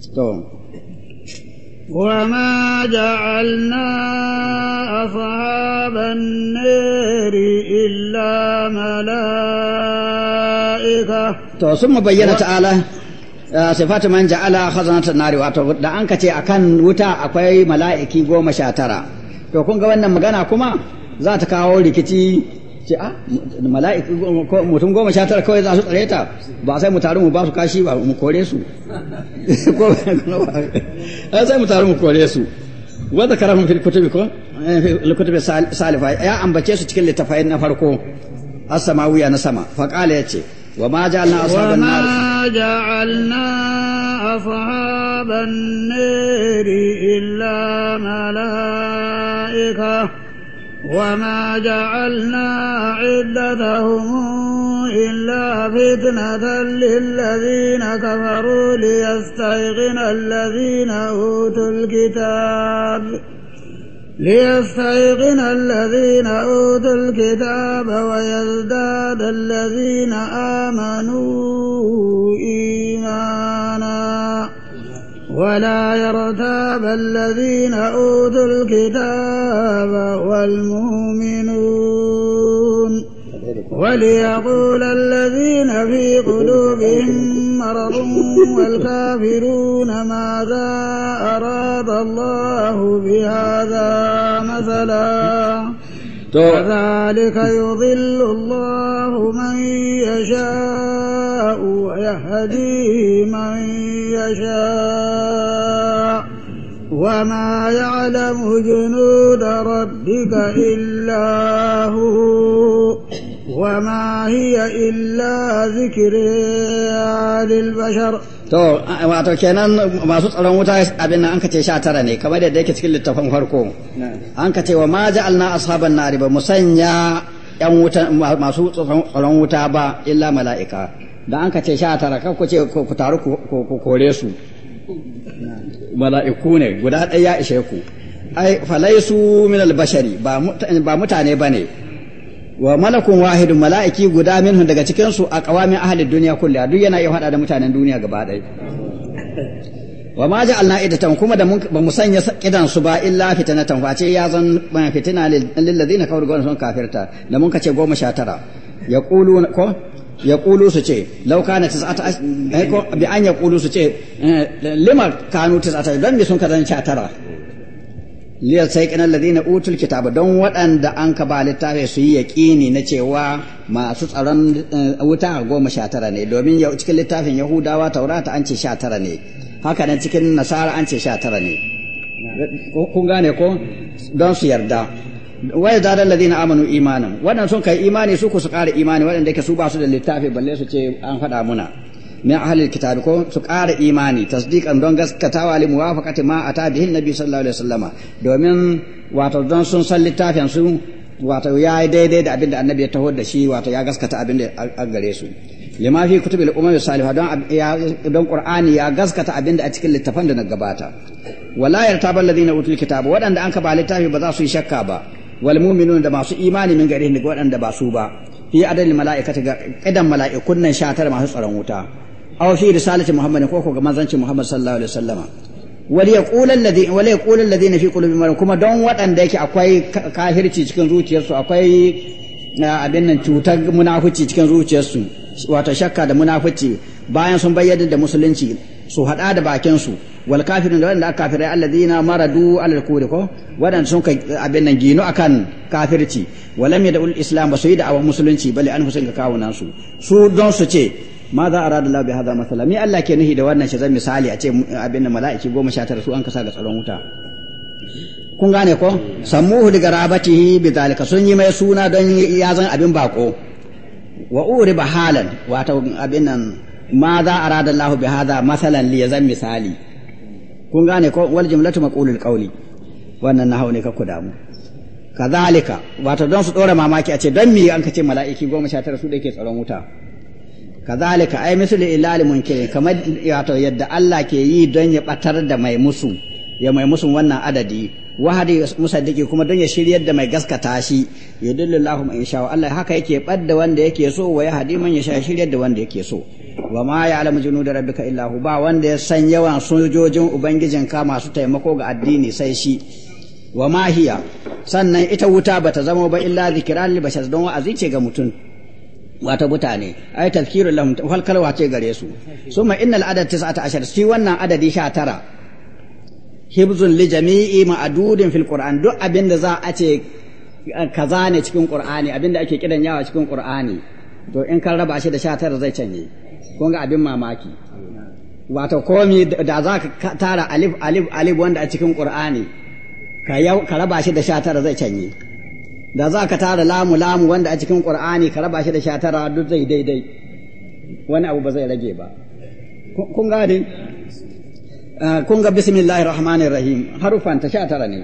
to وما جعلنا أصحاب النار إلا ملائكة to sun bayyana ta'ala sifatu man ja'ala khazanatan nari wato da an a kan wuta akwai mala'iki goma sha tara to kun ga wannan magana kuma za ta kawo rikici ce a ah, mala'iku mutum goma sha tara kawai za su tsare ta ba sai mu taru mu ba su kashi ba mu kore su ko ba sai mu taru mu kore su wanda karafin fil kutubi ko eh, kutubi salifa ya ambace su cikin littafai na farko as-samawiya na sama fa qala yace wa ma ja'alna ashaban nar wa ja'alna ashaban nar illa malaika وما جعلنا عدتهم إلا فتنة للذين كفروا ليستيقن الذين أوتوا الكتاب ليستيقن الذين أوتوا الكتاب ويزداد الذين آمنوا إيمانا ولا يرتاب الذين أوتوا الكتاب والمؤمنون وليقول الذين في قلوبهم مرض والكافرون ماذا أراد الله بهذا مثلاً كذلك يضل الله من يشاء ويهدي من يشاء وما يعلم جنود ربك إلا هو وما هي إلا ذكر للبشر to wato kenan masu tsaron wuta abin nan an kace sha tara ne kamar yadda yake cikin littafin farko an kace wa ma ja'alna ashaban nari ba musanya yan wuta masu tsaron wuta ba illa mala'ika da an kace sha tara kan ku ce ku taru ku kore su mala'iku ne guda ɗaya ya ishe ku ai falaisu min albashari ba mutane bane wa malakun wahidun mala'iki guda minhum daga cikin su a qawamin ahli duniya kullu duk yana iya hada da mutanen duniya gaba ɗaya wa ma ja'alna idatan kuma da ba mu sanya kidan su ba illa fitnatan fa ce ya zan fitina lil ladina kafaru gona sun kafirta da mun kace 19 yaquluna ko yaqulu su ce law kana tis'ata ay eh, ko bi an yaqulu su ce eh, lima kanu tis'ata dan bi sun kadan 19 liyal saiqina alladhina utul kitaba don waɗanda an ka ba littafi su yi yaƙini na cewa masu tsaron eh, wuta goma sha tara ne domin cikin littafin yahudawa taurata an ce sha tara ne haka nan cikin nasara an ce sha tara ne kun gane ko don su yarda wai zada alladhina amanu imanan waɗanda sun kai imani su ku su ƙara imani waɗanda ke su ba su da littafi balle su ce an faɗa muna min ahlil kitabi ko su ƙara imani tasdiqan don gaskatawa li muwafaqati ma ata bihi nabi sallallahu alaihi wasallama domin wato don sun san littafin su ya yi daidai da abin da annabi ya taho da shi wato ya gaskata abin da a gare su lima fi kutubil umami don don ya gaskata abin a cikin littafan da na gabata wala yartaba alladhina utul kitaba waɗanda an ka ba ba za su yi shakka ba wal mu'minun da masu imani min gare ni waɗanda ba su ba fi adadin ga idan mala'ikun nan masu tsaron wuta aw fi risalati muhammadin ko ko ga manzancin muhammad sallallahu alaihi wasallama wali yaqulu alladhi wali yaqulu alladhina fi qulubihim marad kuma don waɗanda yake akwai kahirci cikin zuciyarsu akwai abin nan cutar cikin zuciyarsu wato shakka da munafici bayan sun bayyana da musulunci su hada da bakinsu su wal da wanda aka kafirai alladhina maradu alal kufri ko wadanda sun ka abin nan gino akan kafirci walam yadul islam ba su yi da musulunci bale an husin ga kawunan su su don su ce ma za a rada labi haza masala mi Allah ke nuhi da wannan shi zan misali a ce abin da mala'iki goma sha tara su an kasa ga tsaron wuta kun gane ko sammuhu daga rabatihi bi zalika sun yi mai suna don ya zan abin bako wa ba halan wato abin nan ma za a rada lahu bi haza masalan li zan misali kun gane ko wal jumlatu maqulul qawli wannan na ne ka ku damu kazalika wato don su dora mamaki a ce don mi an ka ce mala'iki goma sha tara su da ke tsaron wuta kazalika ai misali ilali munkiri kamar wato yadda Allah ke yi don ya batar da mai musu ya mai musu wannan adadi wahadi musaddiki kuma don ya shiryar da mai gaskata shi ya dillallahu man Allah haka yake badda wanda yake so wa ya hadi man sha shiryar da wanda yake so wa ma ya'lamu junuda rabbika illa hu ba wanda ya san yawan sojojin ubangijinka masu taimako ga addini sai shi wa ma hiya sannan ita wuta bata zama ba illa zikran li bashar don wa'azi ce ga mutum wata mutane ai tafkirul lahum halkalwa ce gare su summa innal adad 19 shi wannan adadi 19 hibzun li jami'i ma'adudin fil qur'an duk abinda za a ce eh, kaza ne cikin qur'ani abinda ake kidan yawa cikin qur'ani to in kan raba shi da 19 zai canje kun ga abin mamaki wato komi da za ka tara alif alif alif wanda a cikin qur'ani ka raba shi da 19 zai canje da za ka tara lamu lamu wanda a cikin qur'ani ka raba shi da sha tara duk zai daidai wani abu ba zai rage ba kun gane ah, kun ga bismillahir rahmanir rahim harufan ta sha tara ne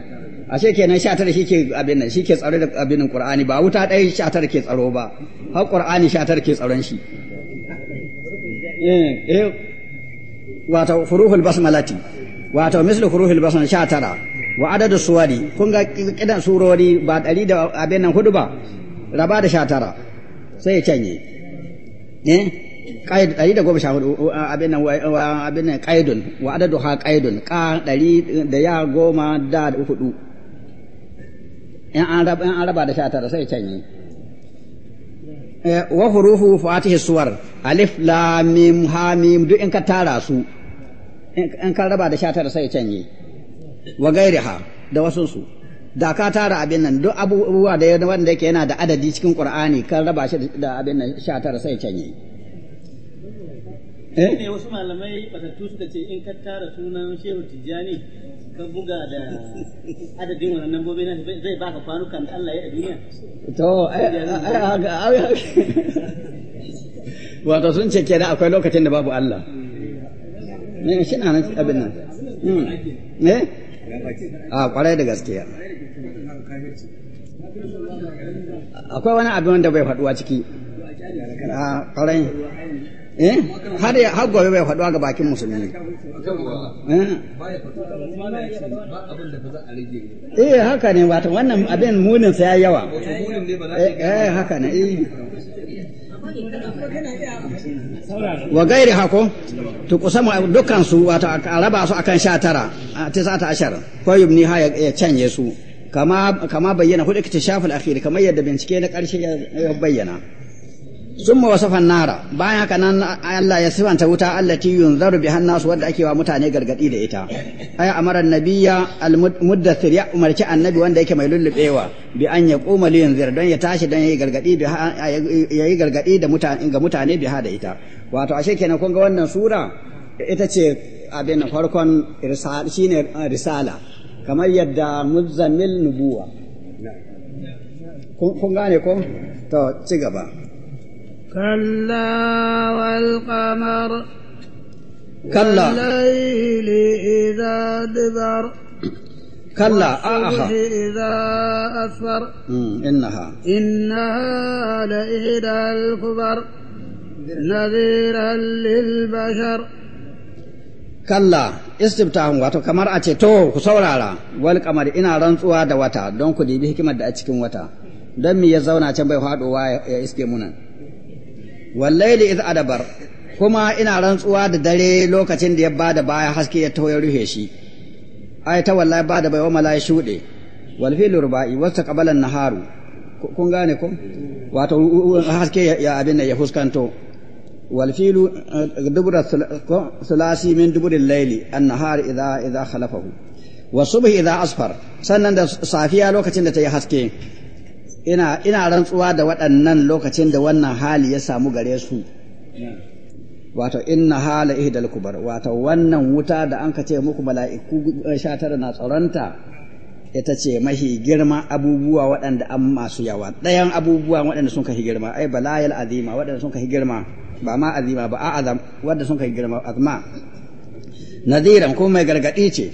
ashe kenan sha tara shike abin nan shike tsaro da abin qur'ani ba wuta ɗaya sha tara ke tsaro ba har qur'ani sha tara ke tsaron shi eh eh wato furuhul basmalati wato mislu furuhul basmala sha tara wa adadu suwari kun ga kidan surori ba ɗari da abin nan hudu ba raba da sha tara sai ya canye eh qaid ɗari da goma sha hudu uh, uh, abin nan abin nan qaidun wa adadu ha qaidun ka ɗari uh, da ya goma da hudu in an raba da sha tara sai ya canye eh, wa hurufu fatihi suwar alif lam mim ha mim duk in ka tara su in ka raba da sha tara sai ya canye wa gairiha da wasunsu da ka tara abin nan duk abubuwa da wanda yake yana da adadi cikin Qur'ani kan raba shi da abin nan 19 sai canye eh ne wasu malamai batattu suka ce in ka tara sunan Shehu Tijani ka buga da adadin wannan nambobi na zai baka kwanukan da Allah ya a duniya to wato sun ce kenan akwai lokacin da babu Allah ne hmm. eh, shi na abin nan hmm. eh a ah, kwarai da gaskiya akwai wani abin wanda bai faduwa ciki a ah, kwarai eh har gobe bai faduwa ga bakin musulmi eh, eh haka ne wata wannan abin munin sa ya yawa eh, eh haka ne eh wa gairi hako to kusamu dukkan su wato a raba su akan 19 tisata ashar ko yubni ha ya canje su kama kama bayyana hudu kace shafal akhir kamar yadda bincike na karshe ya bayyana summa wasafa nara bayan haka nan Allah ya sifanta wuta allati yunzaru bihan nasu wadda ake wa mutane gargadi da ita ay amara nabiyya almuddathir ya umarci annabi wanda yake mai lullubewa bi an yaquma li yunzir don ya tashi don yayi gargadi bi yayi gargadi da mutane ga mutane bi ha da ita wato ashe kenan kun ga wannan sura ita ce abin farkon shine risala kamar yadda muzammil nubuwa kun gane ko to ci gaba كلا والقمر كلا والليل إذا دبر كلا أها إذا أسفر إنها إنها لإحدى الكبر نذيرا للبشر kalla istiftahu wato kamar a ce to ku saurara wal ina rantsuwa da wata don ku dibi hikimar da a cikin wata don me ya zauna can bai faɗowa ya iske munan wallaili iz adabar kuma ina rantsuwa da dare lokacin da ya bada baya haske ya taho ya rufe shi ai ta wallahi bada bai wa ya shuɗe wal fil rubai wasta qabalan naharu kun gane ko wato haske ya abin ya fuskanto wal filu eh, dubra sulasi min dubril laili an nahar idha idha khalafahu wa subhi idha asfar sannan da safiya lokacin da ta yi haske ina ina rantsuwa da waɗannan lokacin da wannan hali ya samu gare su wato inna hala ihdal kubar wato wannan wuta da an ce muku mala'iku sha tara na tsaronta ita ce mahi girma abubuwa waɗanda an masu yawa ɗayan abubuwa waɗanda sun kahi girma ai layal azima waɗanda sun kahi girma ba ma azima ba a azam waɗanda sun kahi girma azma nadiran ko mai gargaɗi ce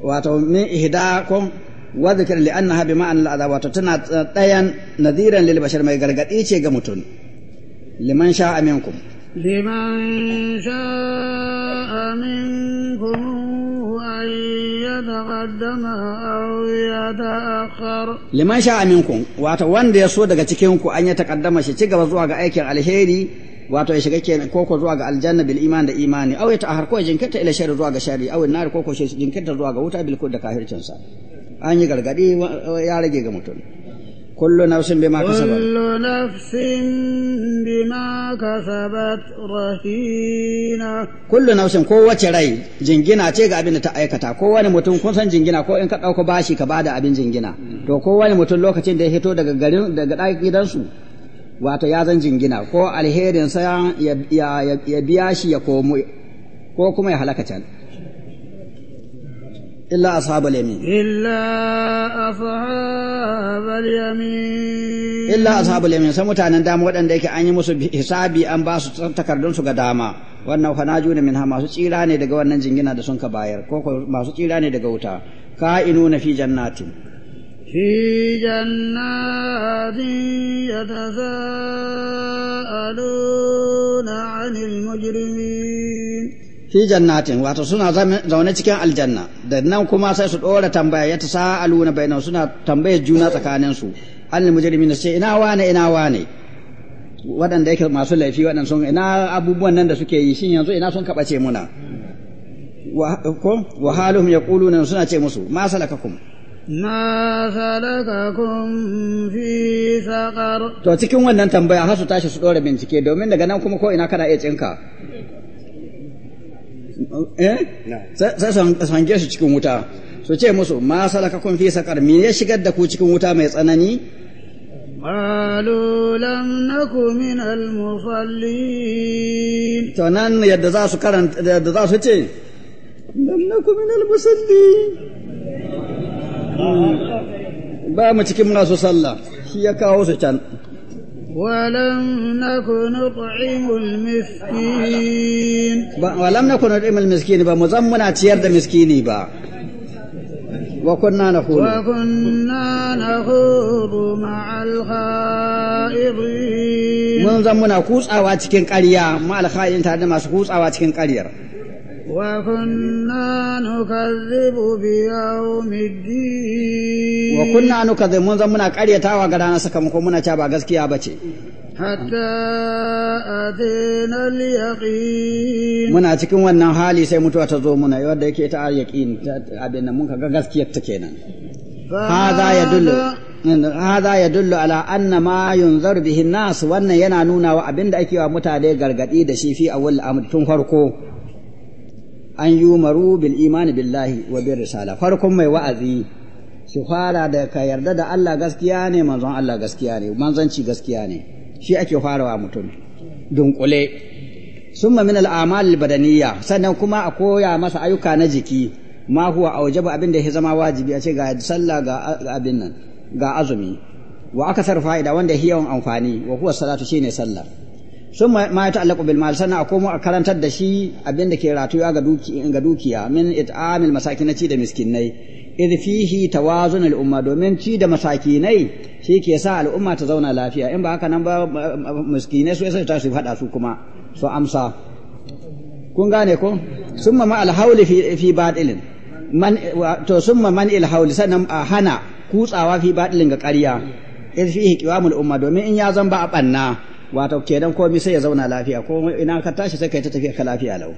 wato min ihda kun wa zikr li annaha bi ma'an al'adab wato tana ɗayan nadiran lil mai gargadi ce ga mutum liman sha'a minkum liman sha'a minkum an yataqaddama aw yata'akhkhar liman wato wanda ya so daga cikin ku an ya taqaddama shi ci gaba zuwa ga aikin alheri wato ya shiga kenan koko zuwa ga aljanna bil iman da imani aw ta har ko jinkirta ila shari zuwa ga shari aw nar koko shi jinkirta zuwa ga wuta bil da kafircin sa an yi gargaɗi ya rage ga mutum kullu nafsin bima kasabat kullu nafsin bima kasabat rahina kullu nafsin ko wace rai jingina ce ga abin da ta aikata ko wani mutum kun san jingina ko in ka dauko bashi ka da abin jingina to ko wani mutum lokacin da ya hito daga garin daga gidansu wato ya zan jingina ko alherinsa ya biya shi ya komo ko kuma ya halaka can إلا أصحاب اليمين إلا أصحاب اليمين إلا أصحاب اليمين سمتان دام ودن ديك أن يمسو حسابي أن باسو تكردون سو قداما wannan fanaju ne min masu tsira ne daga wannan jingina da sun ka bayar ko masu tsira ne daga wuta ka'inu na fi jannatin fi fi jannatin wato suna zaune cikin aljanna da nan kuma sai su dora tambaya ya aluna bainahu suna tambayar juna tsakanin su annal mujrimin sai ina wane ina wane waɗanda yake masu laifi waɗanda sun ina abubuwan nan da suke yi shin yanzu ina sun kabace muna ko wa haluhum yaquluna suna ce musu ma salakakum ma salakakum fi saqar to cikin wannan tambaya har su tashi su dora bincike domin daga nan kuma ko ina kana iya cinka eh su shi cikin wuta su ce musu ma salaka kun fi sakar me ya shigar da ku cikin wuta mai tsanani قالوا لم نك من المصلين تنان يد ذا سو يد ذا سو لم نك من المصلين ba mu cikin masu sallah shi ya kawo su can ولم نكن نطعم المسكين ولم نكن نطعم المسكين با مزمنا تيار ده مسكيني با وكنا نخوض وكنا نخوض مع الخائضين من زمنا كوس أو أتكن قرية مع الخائضين تعدم أسكوس أو أتكن قرية وكنا نكذب بيوم الدين وكنا نكذب من زمنا قريتا وغدانا سكمكم منا تابا غسكيا بچي حتى أتينا اليقين muna cikin wannan hali sai mutuwa ta zo muna wanda yake ta yaqin abin nan mun ga gaskiyar ta kenan ya hadha yadullu hadha yadullu ala anna ma yunzar bihi nas wannan yana nuna wa abinda ake wa mutane gargadi da shi fi awwal amr tun farko an yumaru bil imani billahi wa bin risala farkon mai wa'azi su fara da ka yarda da Allah gaskiya ne manzon Allah gaskiya ne manzanci gaskiya ne shi ake farawa mutum dunkule summa min al amal badaniya sannan kuma a koya masa ayyuka na jiki ma huwa aujaba abin da ya zama wajibi a ce ga sallah ga abin nan ga azumi wa akasar fa'ida wanda yawan amfani wa huwa salatu shine sallah sun ma ya ta'allaqu bil mal sannan a komo a karantar da shi abin da ke ratuwa ga dukiya ga dukiya min it'amil masakinaci da miskinai id fihi tawazun al umma domin ci da masakinai shi ke sa al'umma ta zauna lafiya in ba haka nan ba miskinai su sai ta su fada su kuma su amsa kun gane ko summa ma al hawl fi fi badilin man to summa man il hawl sannan a hana kutsawa fi badilin ga ƙarya id fihi qiwamul umma domin in ya zan ba a banna wato kenan komai sai ya zauna lafiya ko ina ka tashi sai kai ta tafiya ka lafiya lau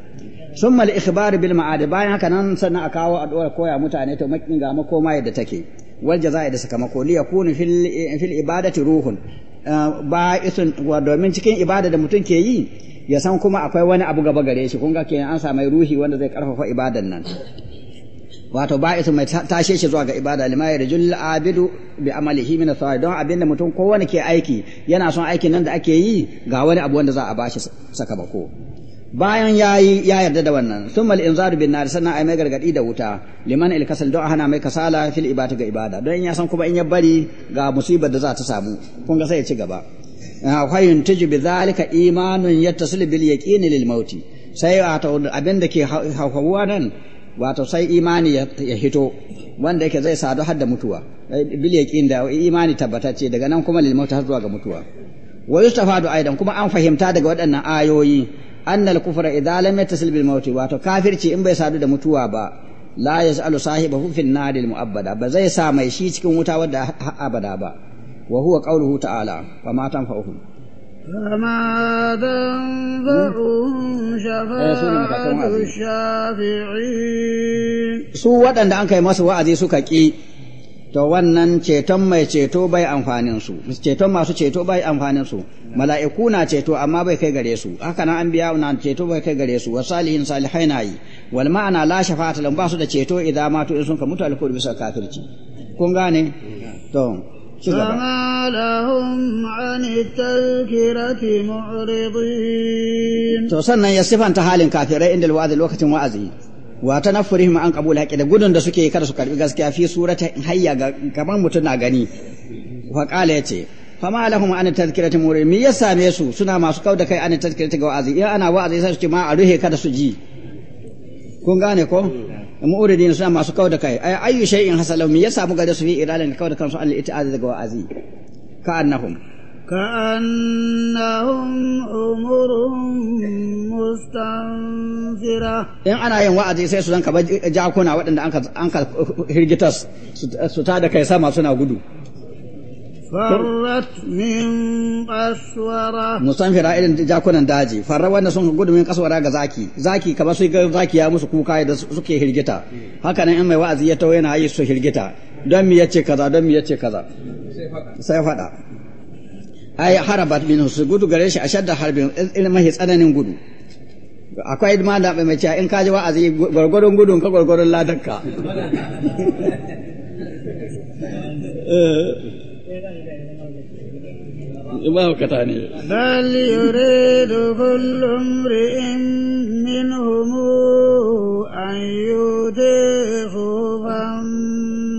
sun mali ikhbar bil ma'ad bayan haka nan sannan a kawo a koya mutane to makin ga makoma yadda take wal jazaa'i da sakamako li yakunu fil fil ibadati ruhun ah, ba isun domin cikin ibada da mutum ke yi ya san kuma akwai wani abu gaba gare shi kun ga kenan an samu ruhi wanda zai karfafa ibadan nan wato ba isu mai tashe shi zuwa ga ibada lima yarjul abidu bi amalihi min sawa'i don abin da mutum kowane ke aiki yana son aikin nan da ake yi ga wani abu wanda za a bashi ko. bayan yayi ya yarda da wannan thumma al-inzaru bin nar sannan ai mai gargadi da wuta liman al-kasal don hana mai kasala fil ibada ga ibada don ya san kuma in ya bari ga musibar da za ta samu kun ga sai ya ci gaba akwai ah, tuju bi zalika imanun yattasil bil yaqini lil mauti sai wato abin da ke hauhawa nan wato sai imani ya hito wanda yake zai sadu har da mutuwa eh, bil yaqin da imani tabbatacce daga nan kuma lil maut har zuwa ga mutuwa wa yustafadu aidan kuma an fahimta daga waɗannan ayoyi anna al kufra idza lam yattasil bil maut wato kafirci in bai sadu da mutuwa ba la yas'alu sahibahu fin naril mu'abbada ba zai sa mai shi cikin wuta wadda abada ba wa huwa qawluhu ta'ala fa ma tanfa'uhum فما تنفعهم شفاعة الشافعين su waɗanda an kai masu wa'azi suka ki. to wannan ceton mai ceto bai amfanin su ceton masu ceto bai amfanin su mala'iku na ceto amma bai kai gare su haka nan an biya na ceto bai kai gare su wa salihin salihai na yi wal ma'ana la shafa'ata lam ba su da ceto idan matu in sun ka mutu alkur bisa kafirci kun gane to فما لهم عن التذكرة معرضين توصلنا يا صفة أنت حال كافرين عند الوعد الوقت وعزي وتنفرهم عن قبول حق da gudun da suke kada su karbi gaskiya fi surata hayya kaman mutum na gani wa qala yace fama lahum an muri mi ya same su suna masu kauda kai an tadhkirati ga wa'azi in ana wa'azi sai su ce ma a ruhe kada su ji kun gane ko mu'ridin suna masu kawo da kai ay ayu shay'in hasalahu me ya samu gare su fi iralin kawo da kansu al iti'az daga wa'azi ka annahum ka annahum umurun mustanfira in ana yin wa'azi sai su zanka jakuna waɗanda an ka hirgitas su ta da kai sama suna gudu farrat min aswara musanfira irin jakunan daji farra wanda sun gudu min kaswara ga zaki zaki kamar su ga zaki ya musu kuka da suke hirgita haka nan in mai wa'azi ya tawo yana yi su hirgita don mi yace kaza don mi yace kaza sai fada ai harabat min su gudu gare shi ashadda harbin irin mahi tsananin gudu akwai ma da mai cewa in ka wa'azi gwargwaron gudun ka gwargwaron ladanka eh. mahaukata ne bal yuridu kullu imri'in minhum an yudihu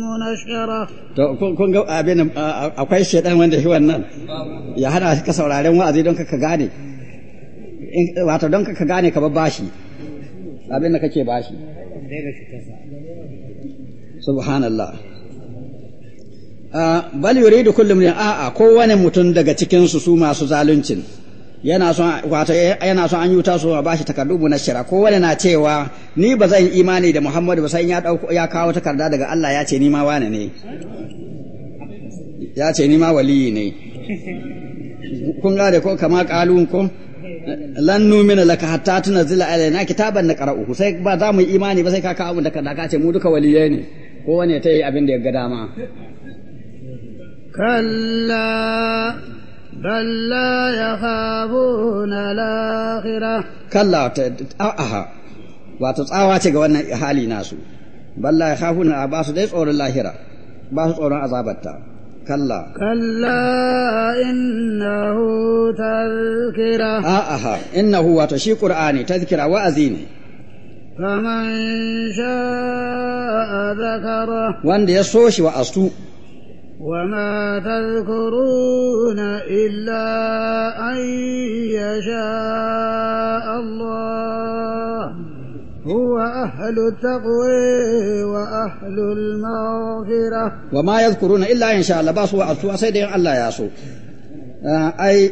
munashara to kun ga abin akwai shaidan wanda shi wannan ya hana ka sauraren wa'azi don ka gane wato don ka gane ka bashi abin da kake bashi subhanallah bal da kullum ne a'a kowane mutum daga cikin su su masu zaluncin yana son wato eh, yana son an yuta su a bashi takardu ko kowane na cewa ni ba zan imani da Muhammadu ba sai ya dauko ya kawo takarda daga Allah ya ce ni ma wani ne ya ce ni ma waliyi ne kun da ko kama kalun ko lan numina laka hatta tunzila alaina kitaban naqra'uhu sai ba za mu imani ba sai ka kawo mu takarda ka ce mu duka waliyai ne kowane ta yi abin da ya ga dama كلا بل لا يخافون الآخرة كلا أها وتتعوى تقوانا حالي ناسو بل لا يخافون أباس ديس أول الآخرة باس أول عذابتا كلا كلا إنه تذكرة أها إنه وتشي قرآني تذكرة وأذيني فمن شاء ذكره وان يسوش وأسوء وما تذكرون إلا أن يشاء الله هو أهل التقوى وأهل المغفرة وما يذكرون إلا إن شاء الله باسوا أسوا سيدي الله ياسو آه، أي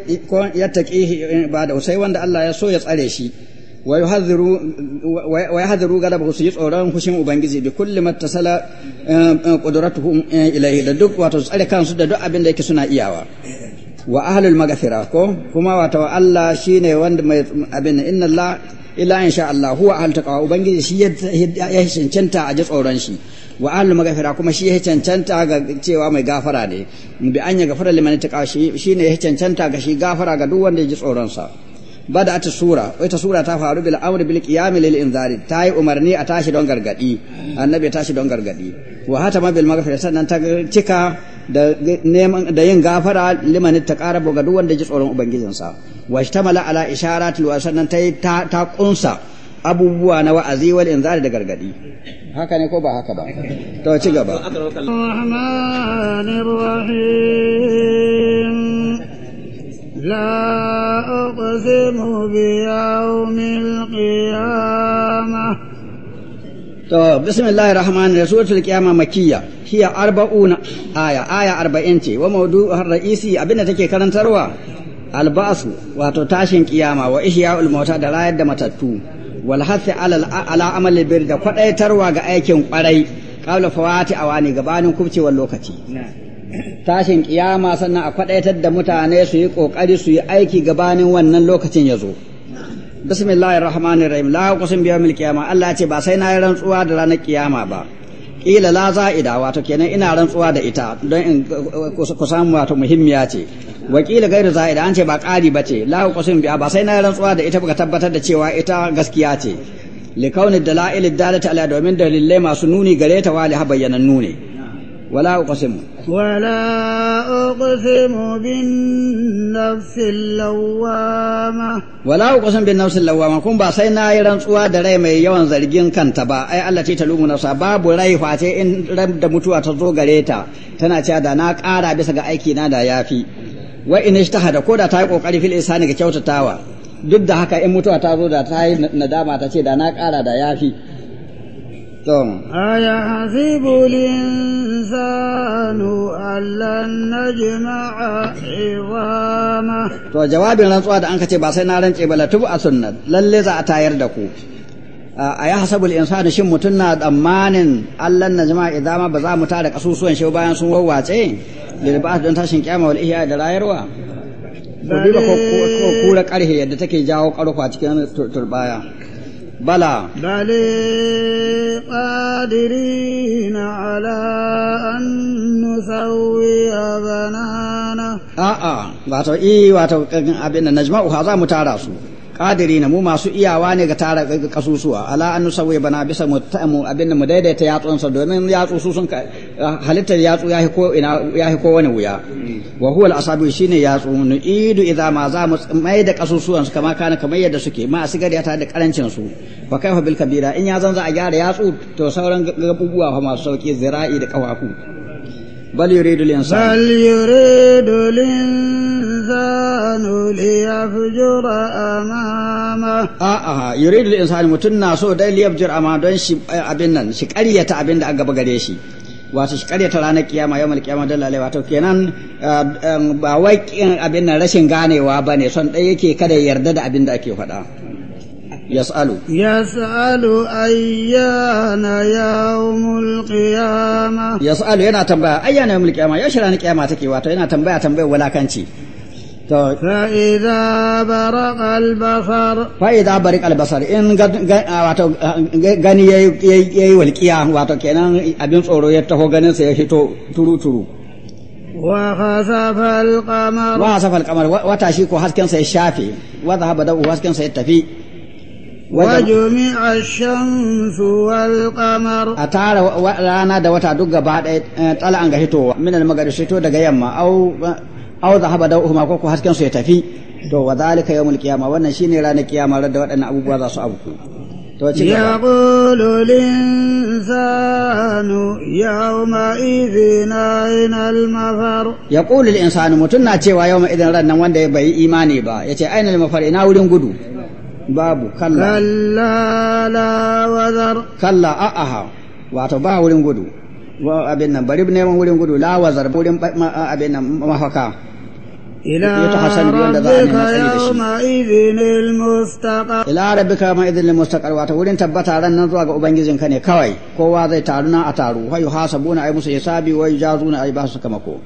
يتكيه بعد سيوان الله يسو يسأل شيء wa yuhadhiru ghadabahu su yi tsoron hushin ubangiji bi kulli mattasala qudratuhum ilayhi da duk wato tsare kansu da duk abin da yake suna iyawa wa ahlul maghfira ko kuma wato Allah shine wanda mai abin inna Allah illa in sha Allah huwa ahlul taqwa ubangiji shi ya cancanta a ji tsoron shi wa ahlul maghfira kuma shi ya cancanta ga cewa mai gafara ne bi an ya gafara liman taqa shi ne ya cancanta ga shi gafara ga duk wanda ya ji tsoron sa بدأت السورة ويتصورة تفعل بالأمر بالقيام للإنذار تاي أمرني أتاشي دون غرغدي النبي أتاشي دون غرغدي وهتما بالمغفرة سنن تكا da neman da yin gafara liman taqarabu ga duk wanda ji tsoron ubangijinsa wa ishtamala ala isharatil wa sannan ta ta kunsa abubuwa na wa'azi wal inzari da gargadi haka ne ko ba haka ba to ci gaba لا أقسم بيوم القيامة to suratul qiyama ce wa mawdu'uha ra'isi abinda take karantarwa albasu wato tashin kiyama wa ihya'ul mauta da rayar da matattu wal hathi da kwadaitarwa ga aikin kwarai qabla fawati awani gabanin kubcewar lokaci tashin kiyama sannan a kwadaitar da mutane su yi kokari su yi aiki gabanin wannan lokacin ya zo bismillahir rahmanir rahim la qasim bi yawmil qiyama Allah ce ba sai na yi rantsuwa da ranar kiyama ba kila la za'ida wato kenan ina rantsuwa da ita don in ku samu wato muhimmiya ce wa kila gairu za'ida an ce ba ƙari ba ce la qasim bi ba sai na yi rantsuwa da ita ba tabbatar da cewa ita gaskiya ce likauni dalailid dalata ala domin dalilai masu nuni gare ta wali ha bayyanannu ne ولا أقسم ولا أقسم بالنفس اللوامة ولا أقسم بالنفس اللوامة كن باسي يرن سوا دري مي يوان زرجين كان تبا أي التي تلوم نفسها باب رأي فاتي إن رم دمتوا تزو غريتا تنا تشادا ناك آرا بسغا أيكي نادا يافي وإن اجتهد كودا تايق وقالي في الإنسان كيوتا تاوا duk da haka in mutuwa ta zo da ta yi nadama ta ce da na ƙara da yafi أيحسب الإنسان ألا نجمع عظامه to jawabin rantsuwa da an ce ba sai na rantse ba la tubu a sunnat lalle za a tayar da ku a ya hasabul insanu shin mutum na tsammanin allan na jama'a idama ba za mu tara kasusuwan shi bayan sun wawwace don tashin kyama ihya da rayarwa ko duba ko kura karhe yadda take jawo karfa cikin turbaya بلى بل قادرين على أن نسوي بنانه آآ آه آه واتو إي واتو أبنا النجمة وهذا متعرسو kadiri na mu masu iyawa ne ga tara kasusuwa ala an nusawwi bana bisa mu mutamu abin mu daidaita yatsunsa domin yatsu su sun halittar yatsu yahi ko ina yahi ko wani wuya wa huwa al-asabi shine yatsu idu idza ma za mu mai da kasusuwan su kama kana kamar yadda suke ma sigari ta da karancin su fa kaifa bil kabira in ya zanza a gyara yatsu to sauran gabubuwa fa masu sauki zira'i da kawaku بل يريد الإنسان بل يريد الإنسان ليفجر أمامه آه آه يريد الإنسان متنا سو دai ليفجر amma don shi abin nan shi ƙaryata abin da gaba gare shi wato shi ƙaryata ranar kiyama yau kiyama dalla alai wato kenan ba wai abin nan rashin ganewa bane son ɗaya yake kada yarda da abin da ake faɗa يسأل يسأل أيان يوم القيامة يسأل ينا تنبأ أيان يوم القيامة يشرى أن قيامة تكيواتو ينا تنبأ تنبأ ولا كنشي فإذا برق البصر فإذا برق البصر إن واتو غني يي والقيام واتو كينان أبين صورو يتهو غني سيشتو ترو ترو وخسف القمر وخسف القمر وتاشيكو حسكن سيشافي وذهب دو حسكن سيتفي وجمع الشمس والقمر أتارا رانا دا وتا دوغا بعد طلع ان هيتو من المغرب شيتو daga yamma au au zahaba da kuma ko hasken su ya tafi to wa zalika yawmul qiyamah wannan shine ranar kiyama da waɗannan abubuwa za su abu. to ci gaba yaqulu linsanu yawma idhin ayna al-mafar yaqulu al-insanu mutun na cewa yawma idhin ran nan wanda bai imani ba yace ayna al-mafar ina wurin gudu babu kalla kalla la wazar kalla a'aha wato ba wurin gudu abin nan bari neman wurin gudu la wazar wurin abin nan mafaka ila rabbika yawma idhin mustaqar. ila rabbika yawma idhin mustaqar wato wurin tabbata ran nan zuwa ga ubangijin ka ne kawai kowa zai taru na a taru wa yuhasabuna ay musu hisabi wa yujazuna ay ba su kamako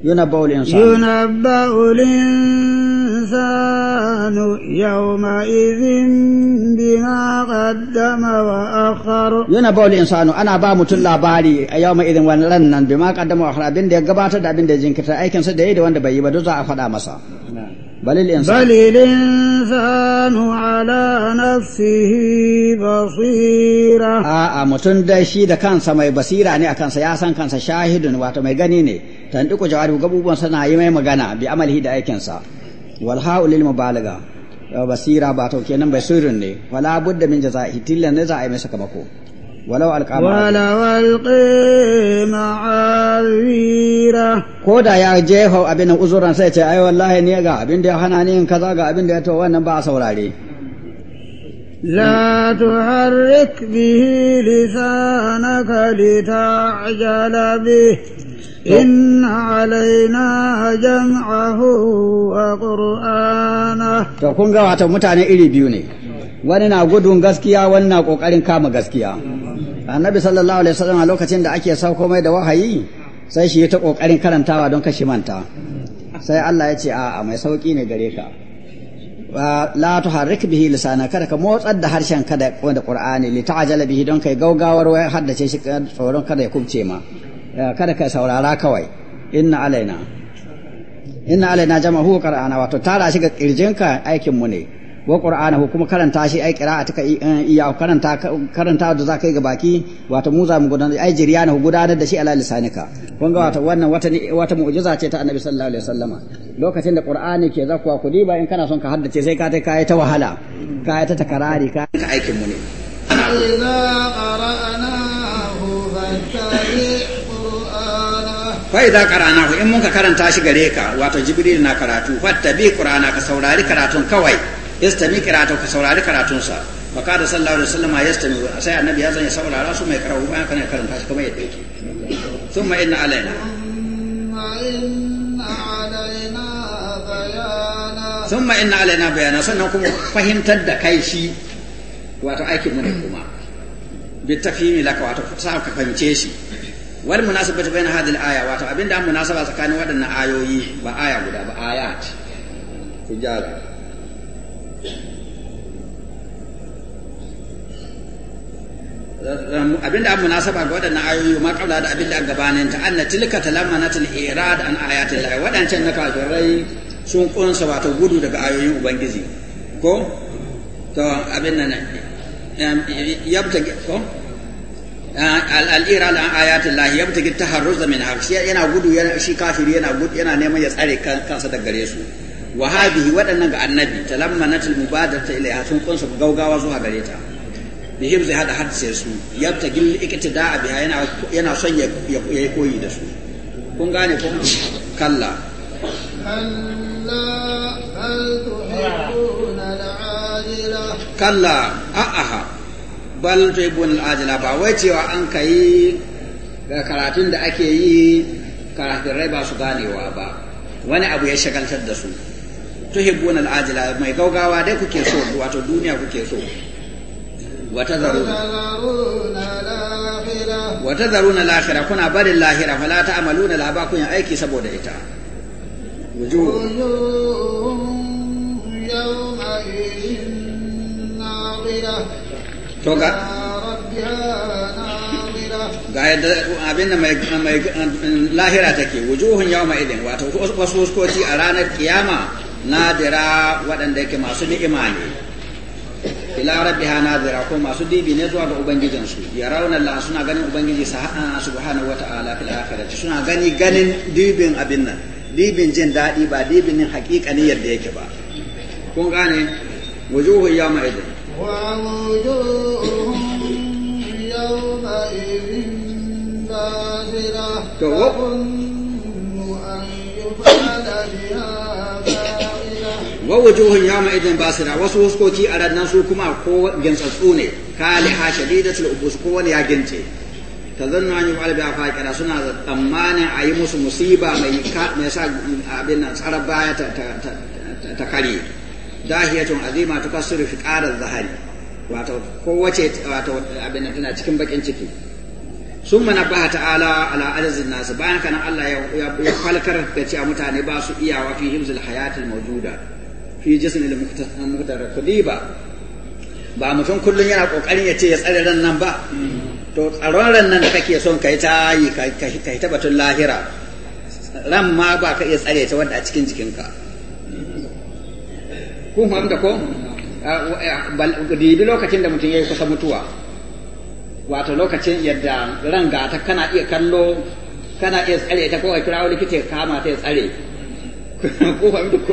yunabba'ul insanu yunabba'ul الإنسان يومئذ بما قدم وأخر ينا باول الإنسان أنا با متل labari a yau mai irin wannan nan bima kaddama wa abin da ya gabatar da abin da ya jinkirta aikin sa da yayi da wanda bai yi ba duk za a faɗa masa بل الإنسان بل الإنسان على نفسه بصيرة آآ متن دا شي دا كان سمي بصيرة ني أكان سياسا كان سشاهد واتو مي غني ني تندقو جواري وقبوبون سنا يمي مغانا بعمله دا أيكنسا wal ha'u lil mubalaga basira ba to kenan basirin ne wala budda min jaza'i tillan ne za a yi masa kamako walau alqa Wala alqi ma'azira ko da ya jeho abin uzuran sai ce ai wallahi ne ga abin da ya hana ni kaza ga abin da ya to wannan ba a saurare لا تحرك به لسانك لتعجل به إن علينا جمعه وقرآنه to kun ga mutane iri biyu ne wani na gudun gaskiya wani na kokarin kama gaskiya annabi sallallahu alaihi wasallam a lokacin da ake sauko mai da wahayi sai shi ta kokarin karantawa don kashe manta sai Allah ya ce a'a mai sauki ne gare ka la tuharrik bihi lisana kada ka motsar da harshen kada da Qur'ani li ta'jala bihi don kai gaugawar wai haddace shi tsoron kada ya kubce ma Eh, kada ka saurara kawai inna alaina inna alaina jama'u qur'ana wato tara shi ga kirjinka aikin mu ne wa qur'ana hu kuma karanta shi ai qira'atu ka eh, iya karanta karanta da za kai ga baki wato mu za mu gudanar ai jiryana hu gudanar da shi ala lisanika kun ga wato wannan wata wata mu'jiza ce ta annabi sallallahu alaihi wasallama lokacin da qur'ani ke zakwa ku diba in kana son ka haddace sai ka ta kai ta wahala ka ta takarari ka aikin mu ne إذا قرأناه فاتبع fa idza qara'nahu in mun ka karanta shi gare ka wato jibril na karatu bi qur'ana ka saurari karatun kawai istami qira'atu ka saurari karatun sa fa kada sallallahu alaihi wasallam yastami sai annabi ya zanya saurara su mai karatu bayan kana karanta shi kamar yadda yake thumma inna alaina thumma inna alaina bayana sannan kuma fahimtar da kai shi wato aikin mu ne kuma bi tafhimi laka wato sa ka fahimce shi wal munasabatu bain hadhihi al-aya wato abinda an munasaba tsakanin waɗannan ayoyi ba aya guda ba ayat ku gyara abinda an munasaba ga waɗannan ayoyi ma kabla da abinda an gabanin ta anna tilka talammanatul irad an ayatil lahi waɗancan na kafirai sun kunsa wato gudu daga ayoyin ubangiji ko to abin nan yabta ko al'ir ala ayatin lahi ya mutu taharruz min shi yana gudu shi kafiri yana gudu yana neman ya tsare kansa daga gare su wa hadhihi waɗannan ga annabi talammanatul mubadarata ilaiha sun kunsa gaugawa zuwa gare ta bihim zai hada hadisai su yabta gil iktida'a biha yana yana son ya yi koyi da su kun gane ko kalla kalla a'aha bal tuhibbun al'ajila ba wai cewa an kai karatun da ake yi karatun rai ba su ganewa ba wani abu ya shagaltar da su tuhibbun al'ajila mai gaugawa dai kuke so wato duniya kuke so wata zaruna lahira kuna barin lahira la ta amaluna laba kun aiki saboda ita wujuhu to ga yadda abin da mai lahira take wujuhun yawma idin wato wasu huskoki a ranar kiyama nadira waɗanda yake masu ni'ima ne ila rabbiha nadira ko masu dibi ne zuwa ga ubangijinsu ya rauna la suna ganin ubangiji su na wata ala fil akhirati suna gani ganin dibin abin nan dibin jin daɗi ba dibin hakikanin yadda yake ba kun gane wujuhun yawma idin wa wajen wani yauma irin masina, to wasu wasu a ranar su kuma a ko ginsa sune, kala ha shi, dai ko wani ya gince, ta zan nanyi ko albuquerque suna da tsammanin a yi musu musiba mai sa abin da tsara baya ta kari. dahiyatun azima tukassiru fi qarar zahari wato kowace wato abin da tana cikin bakin ciki sun manabbaha ta'ala ala ajazin nasu bayan kana Allah ya falkar da cewa mutane ba su iyawa fi himzul hayatil mawjuda fi jismil muhtar kudiba ba mutum kullum yana kokarin ya ce ya tsare ran nan ba to tsaron ran nan da kake son kai ta yi kai ta batun lahira ran ma ba ka iya tsare ta wanda a cikin jikinka kun fahimta ko dibi lokacin da mutum ya yi kusa mutuwa wato lokacin yadda ran gata kana iya kallo kana iya tsare ta ko kira likita ya kama ta ya tsare ko fahimta ko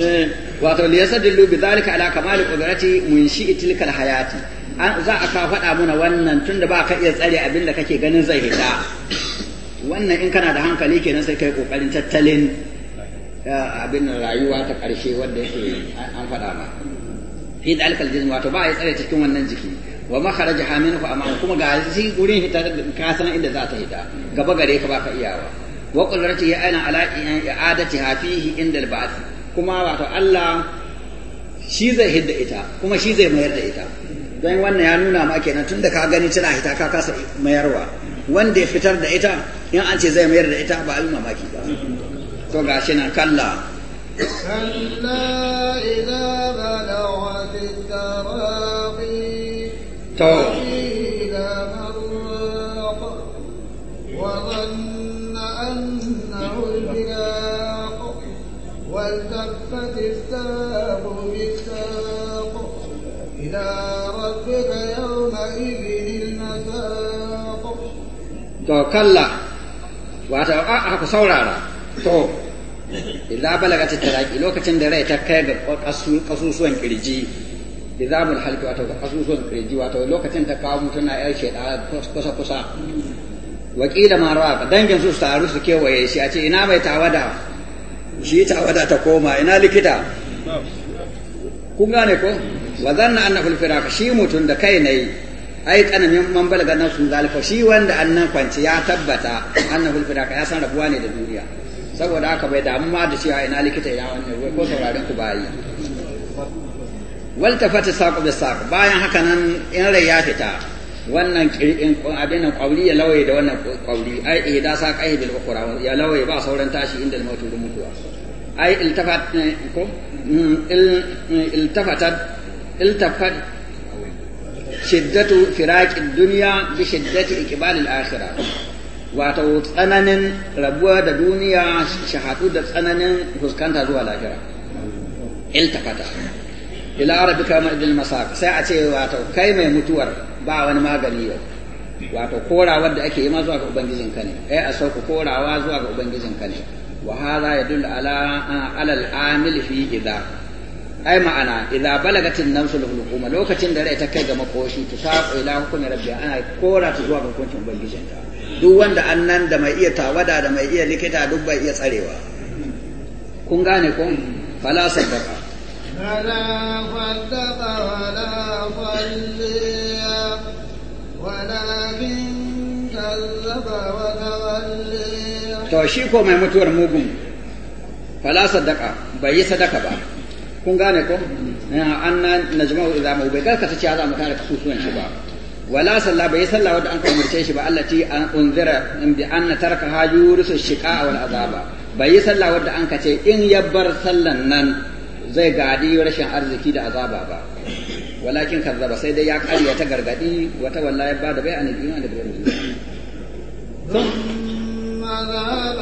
eh, wato li yasadillu bi zalika ala kamali qudrati munshi tilkal hayati za a ka faɗa muna wannan tunda ba ka iya tsare abin da kake ganin zai hita wannan in kana da hankali kenan sai kai kokarin tattalin abin rayuwa ta ƙarshe wanda yake an faɗa ma. fi dalika aljizm wato ba yi tsare cikin wannan jiki wa makharajaha minhu amma kuma ga shi gurin hita ka san inda za ta hita gaba gare ka baka iyawa wa qudrati ya aina ala i'adatiha fihi inda al kuma wato Allah shi zai hidda ita kuma shi zai mayar da ita don wannan ya nuna ma kenan tunda ka gani tana hita ka kasa mayarwa wanda ya fitar da ita in an ce zai mayar da ita ba abin mamaki ba توقع شنا كلا كلا إذا بلغت التراقي وقيل راق وظن أنه الفراق والتفت الساق بالساق إلى ربك يومئذ المساق كلا وأتى أحق آه، a آه، تو idza balagat taraqi lokacin da rai ta kai ga kasusuwan kirji izamul halqi wato kasusuwan kirji wato lokacin ta kawo tana yar sheda kusa kusa wakila ma rawa dangin su taru su kewaye shi a ce ina mai tawada shi tawada ta koma ina likita kun gane ko wa zanna annahu al-firaq shi mutun da kai nayi ai kanamin man balaga nafsu zalika shi wanda annan kwanci ya tabbata annahu al-firaq ya san rabuwa ne da duniya saboda haka bai damu ma da cewa ina likita ina wannan ruwa ko sauraron ku bayi wal tafata saqu bi saq bayan haka nan in rai ya fita wannan kirin abin nan kwauri ya lawaye da wannan kwauri ai ihda saqai bil ukhra ya lawaye ba sauran tashi inda mautu da mutuwa ai iltafat eh, ko mm, eh, iltafatat iltafat shiddatu firaqid dunya bi shiddati iqbal al akhirah wato tsananin rabuwa da duniya shahadu da tsananin fuskanta zuwa lahira iltafata ila rabbika ma'dil masaq sai a ce wato kai mai mutuwar ba wani magani yau wato korawar da ake yi ma zuwa ga ubangijin ka ne ai eh, a sauku korawa zuwa ga ubangijin ka ne wa hadha yadullu ala ala al-amil fi idha ai ma'ana idza balagatin nafsu al-hukuma lokacin da rai ta kai ga makoshi tusaqu ila hukmi rabbi ana kora ta zuwa ga hukuncin ubangijin ka duk wanda an nan da mai iya tawada da mai iya likita duk bai iya tsarewa kun gane kun fala sadaka fala sadaka wala falliya bin kallaba wa tawalliya to shi ko mai mutuwar mugun fala sadaka bai yi sadaka ba kun gane ko mm. eh, an nan najma'u idza mu bai karkata cewa za mu tare kasusuwan shi ba wala salla bai sallah wadda an umarce shi ba allati an unzira in bi anna tarkaha yurisu shiqa wal azaba bai sallah wadda an kace in yabbar sallan nan zai gadi rashin arziki da azaba ba walakin kazzaba sai dai ya kariya ta gargadi wata wallahi ba da bai annabi da bai ثم ذهب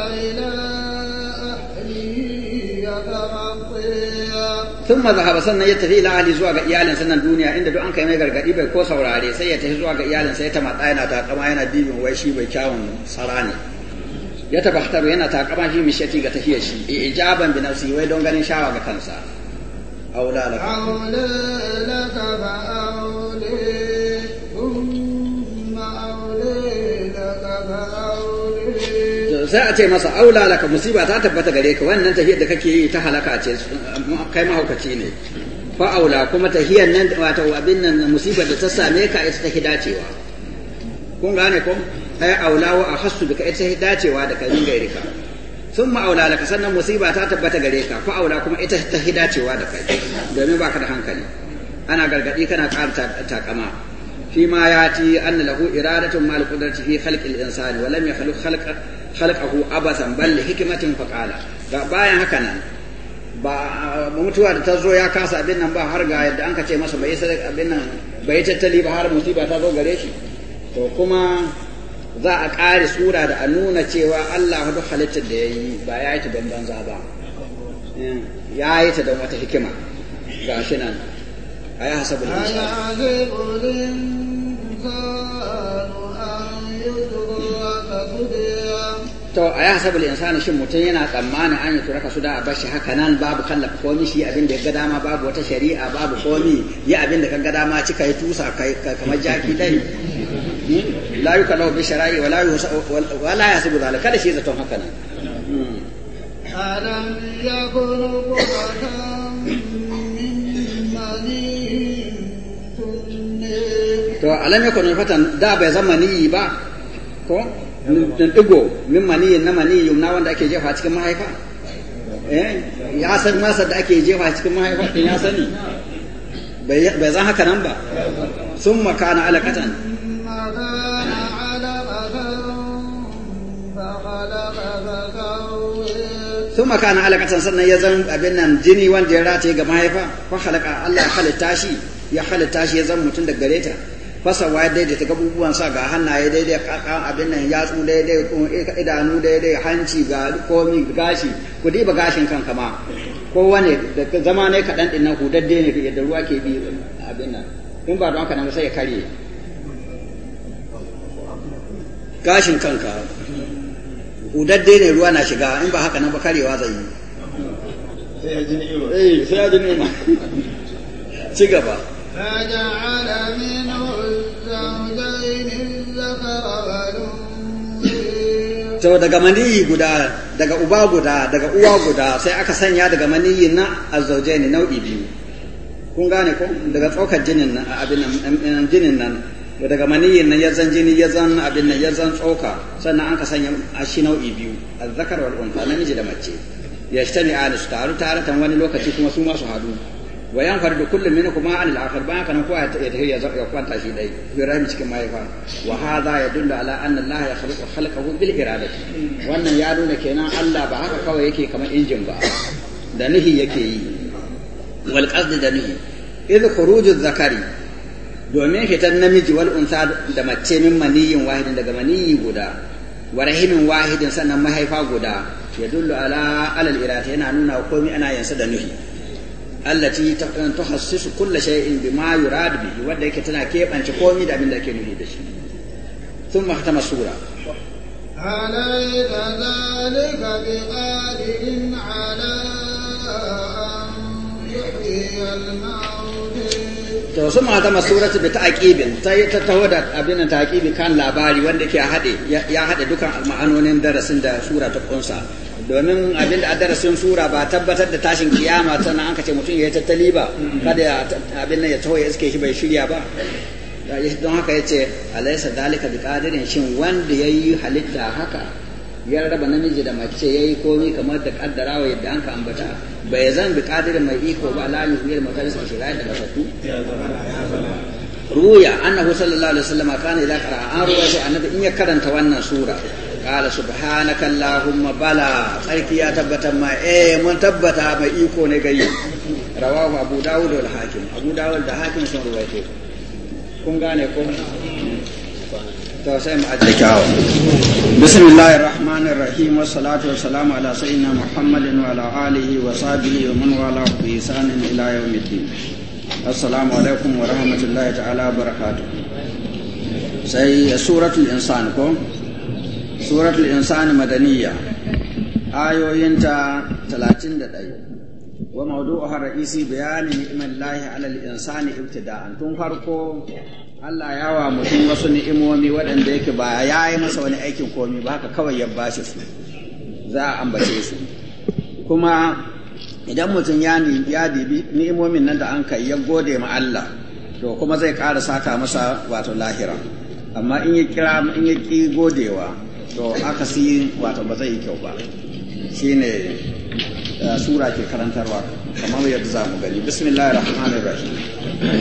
ثم ذهب sannan ya tafi ila zuwa ga iyalin sannan duniya inda duk an kai mai gargadi bai ko saurare sai ya tafi zuwa ga iyalin sai ta matsa yana takama yana bibin wai shi bai kyawun tsara ne ya tabahtaru yana takama shi mishati ga tafiya shi ijaban bi nafsi wai don ganin shawa ga kansa aula ba sai a ce masa aula laka musiba ta tabbata gare ka wannan tahiyar da kake yi ta halaka ce kai mahaukaci ne fa aula kuma tahiyar nan wato abin nan musibar da ta same ka ita ta hidacewa kun gane ko ai aula wa ahassu bika ita ta hidacewa da kai gairi ka sun ma'aula laka sannan musiba ta tabbata gare ka fa aula kuma ita ta hidacewa da kai domin baka da hankali ana gargadi kana ƙara takama ma ya فيما ياتي ان له اراده مع fi في خلق الانسان ولم يخلق خلق khalqahu abasan bal li hikmatin fa ga bayan haka nan ba mutuwa da ta zo ya kasa abin nan ba har ga yadda an ka ce masa bai sai abin nan bai tattali ba har musiba ta zo gare shi to kuma za a ƙare sura da a nuna cewa Allah duk halittar da ya yi ba ya yi ta don banza ba ya yi ta don wata hikima ga shi nan a yi hasabin to a ya hasabul insani shin mutum yana tsammani an yi turaka su da a bashi haka nan babu kallafa komi shi abin da ya ga dama babu wata shari'a babu komi ya abin da ka ga dama cika ya tusa kai kamar jaki dai hmm? la yukallahu bi shara'i wala ya yahsabu zalika kada shi zaton haka nan hmm. alam yakun to alam yakun fatan da bai zama ni ba ko na ɗigo min maniyin na maniyin yumna wanda ake jefa cikin mahaifa eh ya san masa da ake jefa cikin mahaifa ɗin ya sani bai zan haka nan ba sun makana alaƙatan sun makana alaƙatan sannan ya zan abin nan jini wanda ya rataye ga mahaifa fa halaka Allah ya halitta shi ya halitta shi ya zan mutum da gareta fasawa daidai ta gabubuwan sa ga hannaye daidai kakan abin nan yatsu daidai idanu daidai hanci ga komi gashi ku diba gashin kanka ma wane da zama ne kaɗan ɗin nan hudadde ne yadda ruwa ke bi abin nan in ba don haka nan sai ya karye gashin kanka hudadde ne ruwa na shiga in ba haka nan ba karewa zai yi sai ya ji ni'ima eh sai ya jini ni'ima ci gaba فجعل منه to daga maniyi guda daga uba guda daga uwa guda sai aka sanya daga maniyi na azzauje ne nau'i biyu kun gane ko daga tsokar jinin nan abin nan jinin nan daga maniyin nan zan jini zan abin nan zan tsoka sannan an ka sanya ashi nau'i biyu azzakar wal unfa namiji da mace yashtami da su taru taratan wani lokaci kuma su ma su hadu wa da kullum minkuma an al-akhar ba kana ko ya tafi ya kwanta shi dai fi rahim cikin mahaifa wa hadha yadullu ala anna Allah ya khalaqa bil iradati wannan ya nuna kenan Allah ba haka kawai yake kamar injin ba da nihi yake yi wal qasd da nihi iz khuruju zakari domin fitan namiji wal unsa da mace min maniyin wahidin daga maniyi guda wa rahimin wahidin sannan mahaifa guda yadullu ala alal irati yana nuna komai ana yansa da nihi allati tuhassisu kulla shay'in bima yurad bihi wanda yake tana kebance komai da abin da ake nufi da shi thumma khatama sura أليس ذلك بقادر على أن يحيي الموت sun mata masuratu bi ta'qibin ta ta tawada abin ta'qibi kan labari wanda ke hade ya hade dukan ma'anonin darasin da sura ta kunsa domin abinda dara darasin sura ba tabbatar da tashin kiyama sannan an kace mutum ya yi tattali ba kada abin nan ya taho ya iske shi bai shirya ba don haka ya ce alaisa dalika bi kadirin shin wanda ya yi halitta haka ya raba namiji da mace ya yi komi kamar da kaddarawa yadda an ka ambata bai zan bi kadirin mai iko ba la yuhil mutalis bi shirai da basatu ruya annahu sallallahu alaihi wasallam kana idza qara'a an ruwa annabi in ya karanta wannan sura qala subhanaka allahumma bala sarki ya tabbatar ma eh mun tabbata mai iko ne gayi rawahu abu dawud wal hakim abu dawud da hakim sun ruwaito kun gane ko to sai mu aje kyawu bismillahir rahmanir rahim wassalatu wassalamu ala sayyidina muhammadin wa ala alihi wa sahbihi wa man wala bi ihsanin ila yawmiddin assalamu alaikum wa rahmatullahi ta'ala wa barakatuh sai suratul insan ko suratul insani madaniya ayoyinta 31 wa mawdu'uha ra'isi bayani lahi 'alal insani ibtida'an tun farko Allah ya wa mutum wasu ni'imomi waɗanda yake ba ya yi masa wani aikin komi ba haka kawai ya bashi su za a ambace su kuma idan mutum ya dibi ni'imomin nan da an kai ya gode ma Allah to kuma zai ƙara saka masa wato lahira amma in ya kira in ya ƙi godewa to aka si wato ba zai yi kyau ba shi ne eh, sura ke karantarwa kamar yadda za mu gani bismillahir rahmanir rahim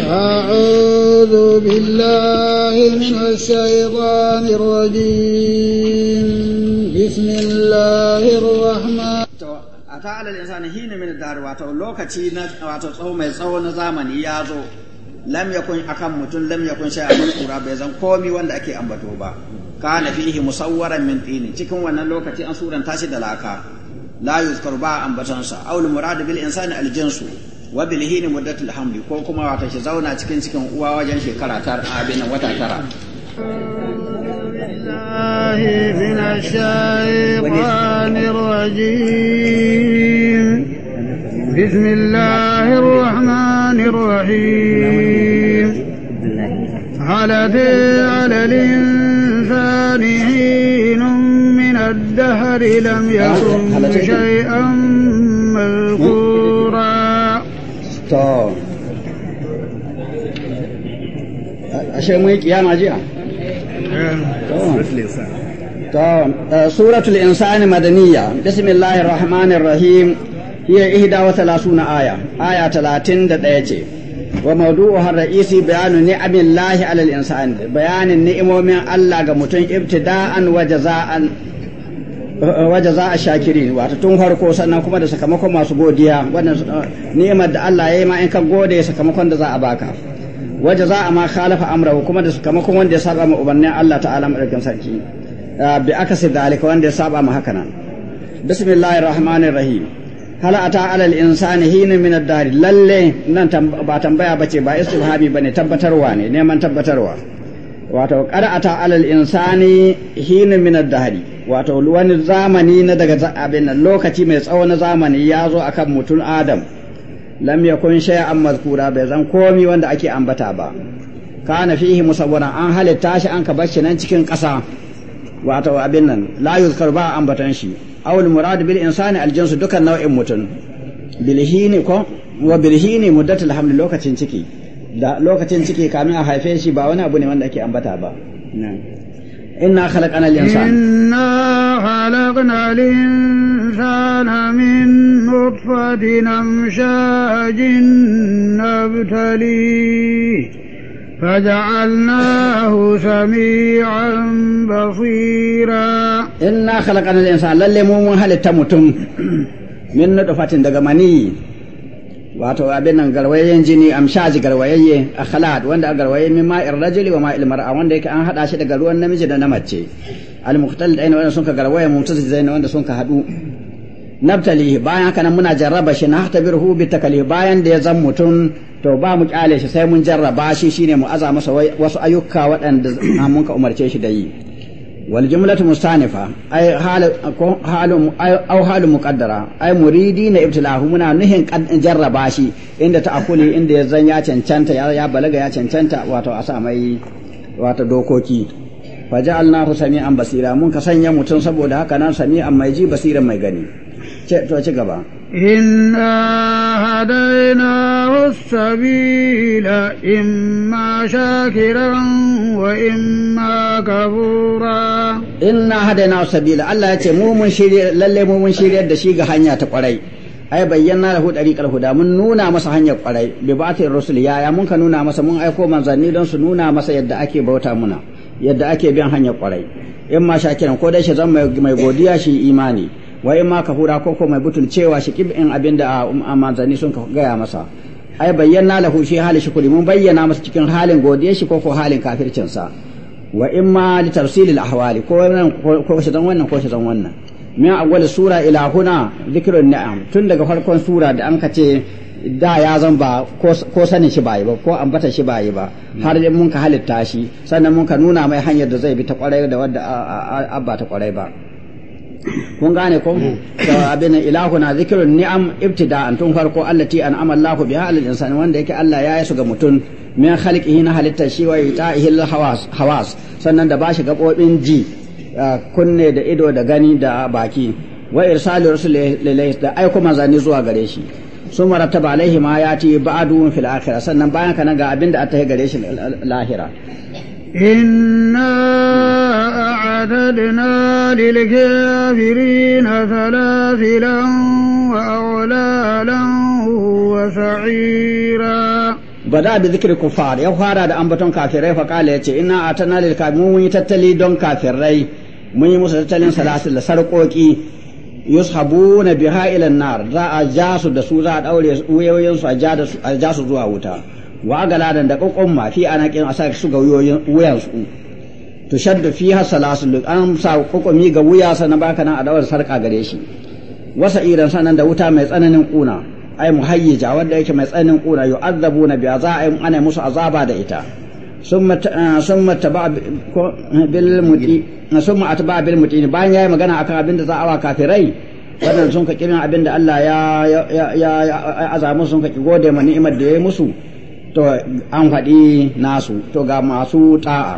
أعوذ بالله من الشيطان الرجيم بسم الله الرحمن a ta'ala insani hina min dar wato lokaci na wato tsawo mai tsawo na zamani ya zo lam yakun akan mutum lam yakun shay'a kura bai zan komi wanda ake ambato ba kana fihi musawwaran min tini cikin wannan lokaci an suranta shi da laka la yuzkar ba ambatan sa aw al bil insani al jinsu wa bil hin al hamli ko kuma wata shi zauna cikin cikin uwa wajen shekara tar abin wata tara من بسم الله الرحمن الرحيم على ذي على الإنسان حين من الدهر لم يكن شيئا مذكورا ashe mun yi kiyama insani madaniya bismillahir rahmanir rahim hiya ihda wa 30 aya aya ce وموضوعها الرئيسي بيان نعم الله على الإنسان بيان النعم من الله كمتن ابتداء وجزاء وجزاء الشاكرين واتتون هركو سنة كما دا سكمكو ما سبوديا نعمة دا الله يما إنك قودي سكمكو دا زعباكا وجزاء ما خالف أمره كما دا سكمكو وان دي سابع مؤبنى الله تعالى مرقم سركي بأكس ذلك وان دي سابع مهكنا بسم الله الرحمن الرحيم hal ata alal insani hina min ad-dari lalle nan ba tambaya bace ba istifhami bane tabbatarwa ne neman tabbatarwa wato qad ata alal insani hina min ad-dari wato wani zamani na daga abin lokaci mai tsawo na zamani ya zo a kan mutum adam lam yakun shay'an mazkura bai zan komi wanda ake ambata ba kana fihi musawwaran an halitta shi an ka bar shi nan cikin kasa wato abin nan la yuzkar ba ambatan shi awul al murad bil insani al jinsu dukan nau'in mutum bilhini ko wa bilhini muddatul hamli lokacin ciki da lokacin ciki kamin a haife shi ba wani abu ne wanda ake ambata ba inna khalaqana al-insan inna khalaqna al-insana min nutfatin amshajin فجعلناه سميعا بصيرا إنا خلقنا الإنسان للي مو هل تموتم من نطفة دقماني wato abin nan garwayen jini amshaji garwayayye akhlad wanda garwaye min ma'ir rajuli wa ma'il mar'a wanda yake an hada shi daga ruwan namiji da na mace al muhtalidain wanda sun ka garwaye mutazzidain wanda sun ka hadu nabtalihi bayan haka nan muna jarraba shi na hatabirhu bi bayan da ya zama mutum to ba mu kyale shi sai mun jarraba shi shine mu aza masa wasu ayyuka waɗanda mun ka umarce shi da yi wal jumlatu mustanifa ay hal au hal muqaddara ay muridi na ibtilahu muna nuhin jarraba shi inda ta akuli inda ya zan ya cancanta ya balaga ya cancanta wato a sa mai wato dokoki hu sami'an basira mun ka sanya mutum saboda haka nan sami'an mai ji basiran mai gani ce to ci gaba إنا هديناه السبيل إما شاكرا وإما كفورا إنا هديناه السبيل الله mu mun شريع da shi ga hanya ta kwarai ai bayyana da lahu dariqal huda mun nuna masa hanyar kwarai bi batir rusul ya ya mun ka nuna masa mun aiko manzanni don su nuna masa yadda ake bauta muna yadda ake bin hanyar kwarai in ma shakiran ko dai shi zan mai godiya shi imani wa in ma kafura ko ko mai cewa shi kibin da a ah, um, ah, manzanni sun ka gaya masa ai bayyana lahu shi hali shukuri mun bayyana masa cikin halin godiya shi ko ko halin kafircin sa wa in ma li tafsilil ahwali ko wannan ko shi dan wannan ko shi dan wannan min awwal sura ila huna dhikrun ni'am tun daga farkon sura da an ce da ya zan ba ko sanin shi bayi ba ko ambata shi bayi ba har mun ka halitta shi sannan mun ka nuna mai hanyar da zai bi ta kwarai da wadda ah, abba ta kwarai ba kun gane ko abin na zikirin ni'am ibtida'an tun farko allati an'ama Allahu biha al insani wanda yake Allah ya yi su ga mutum min khalqihi na halitta shi wa ita'ihi hawas hawas sannan da bashi gabobin ji kunne da ido da gani da baki wa irsalu rasulillahi da aiko manzanni zuwa gare shi sun marataba alaihi ma yati ba'du fil akhirah sannan bayan kana ga abin da ta gare shi lahira إنا أعددنا للكافرين سلاسلا وأغلالا وسعيرا bada da zikirin kufar ya fara da ambaton kafirai fa kala yace ina atana lil kafirin mun yi tattali don kafirai mun yi musu tattalin salasil da sarƙoƙi yushabuna biha ila nar za a ja su da su za a daure wuyoyin su a ja su zuwa wuta wa agaladan da ma fi anakin a sa su ga wuyan su to shaddu fi hasalasul an sa kokomi ga wuya na baka nan adawar sarka gare shi wasa iran sanan da wuta mai tsananin kuna ai muhayyija wanda yake mai tsananin kuna yu'azzabuna bi aza'im ana musu azaba da ita summa summa taba bil muti summa atba bil muti bayan yayi magana akan abinda za a wa kafirai wannan sun ka kirin abinda Allah ya ya ya azamu sun ka gode ma ni'imar da yayi musu to an faɗi nasu to ga masu ta'a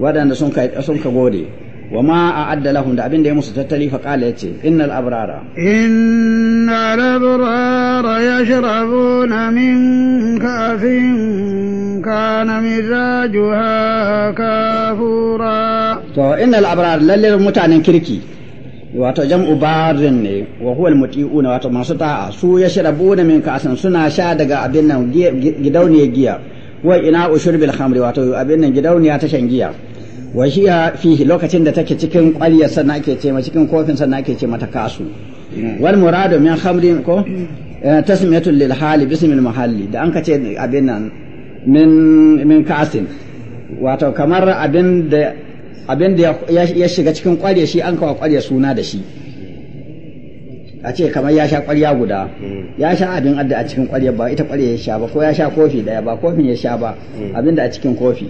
waɗanda sun ka sun ka gode wa ma a'adda lahum da abin da ya musu tattali fa qala yace innal abrara innal abrara yashrabuna min kafin kana mizajuha kafura to innal abrara lalle mutanen kirki wato jam'u barin ne wa huwa almuti'una wato masu ta'a su yashrabuna min ka'san suna sha daga abin nan gidauniya giya wa ina ushurbil khamri wato abin nan gidauniya ta shan giya wa hiya fihi lokacin da take cikin ƙwaryar sannan ake ce cikin kofin sannan ake ce mata kasu wal muradu min khamri ko eh, tasmiyatul lil hali bismil muhalli. da an ka ce abin nan min min ka'sin wato kamar abin da abin da ya shiga cikin kwarya shi an kawo kwarya suna da shi a ce kamar ya sha kwarya guda mm. ya sha abin adda a cikin kwarya ba ita kwarya ya sha ba ko ya sha kofi daya ba kofin ya sha ba mm. abin da a cikin kofi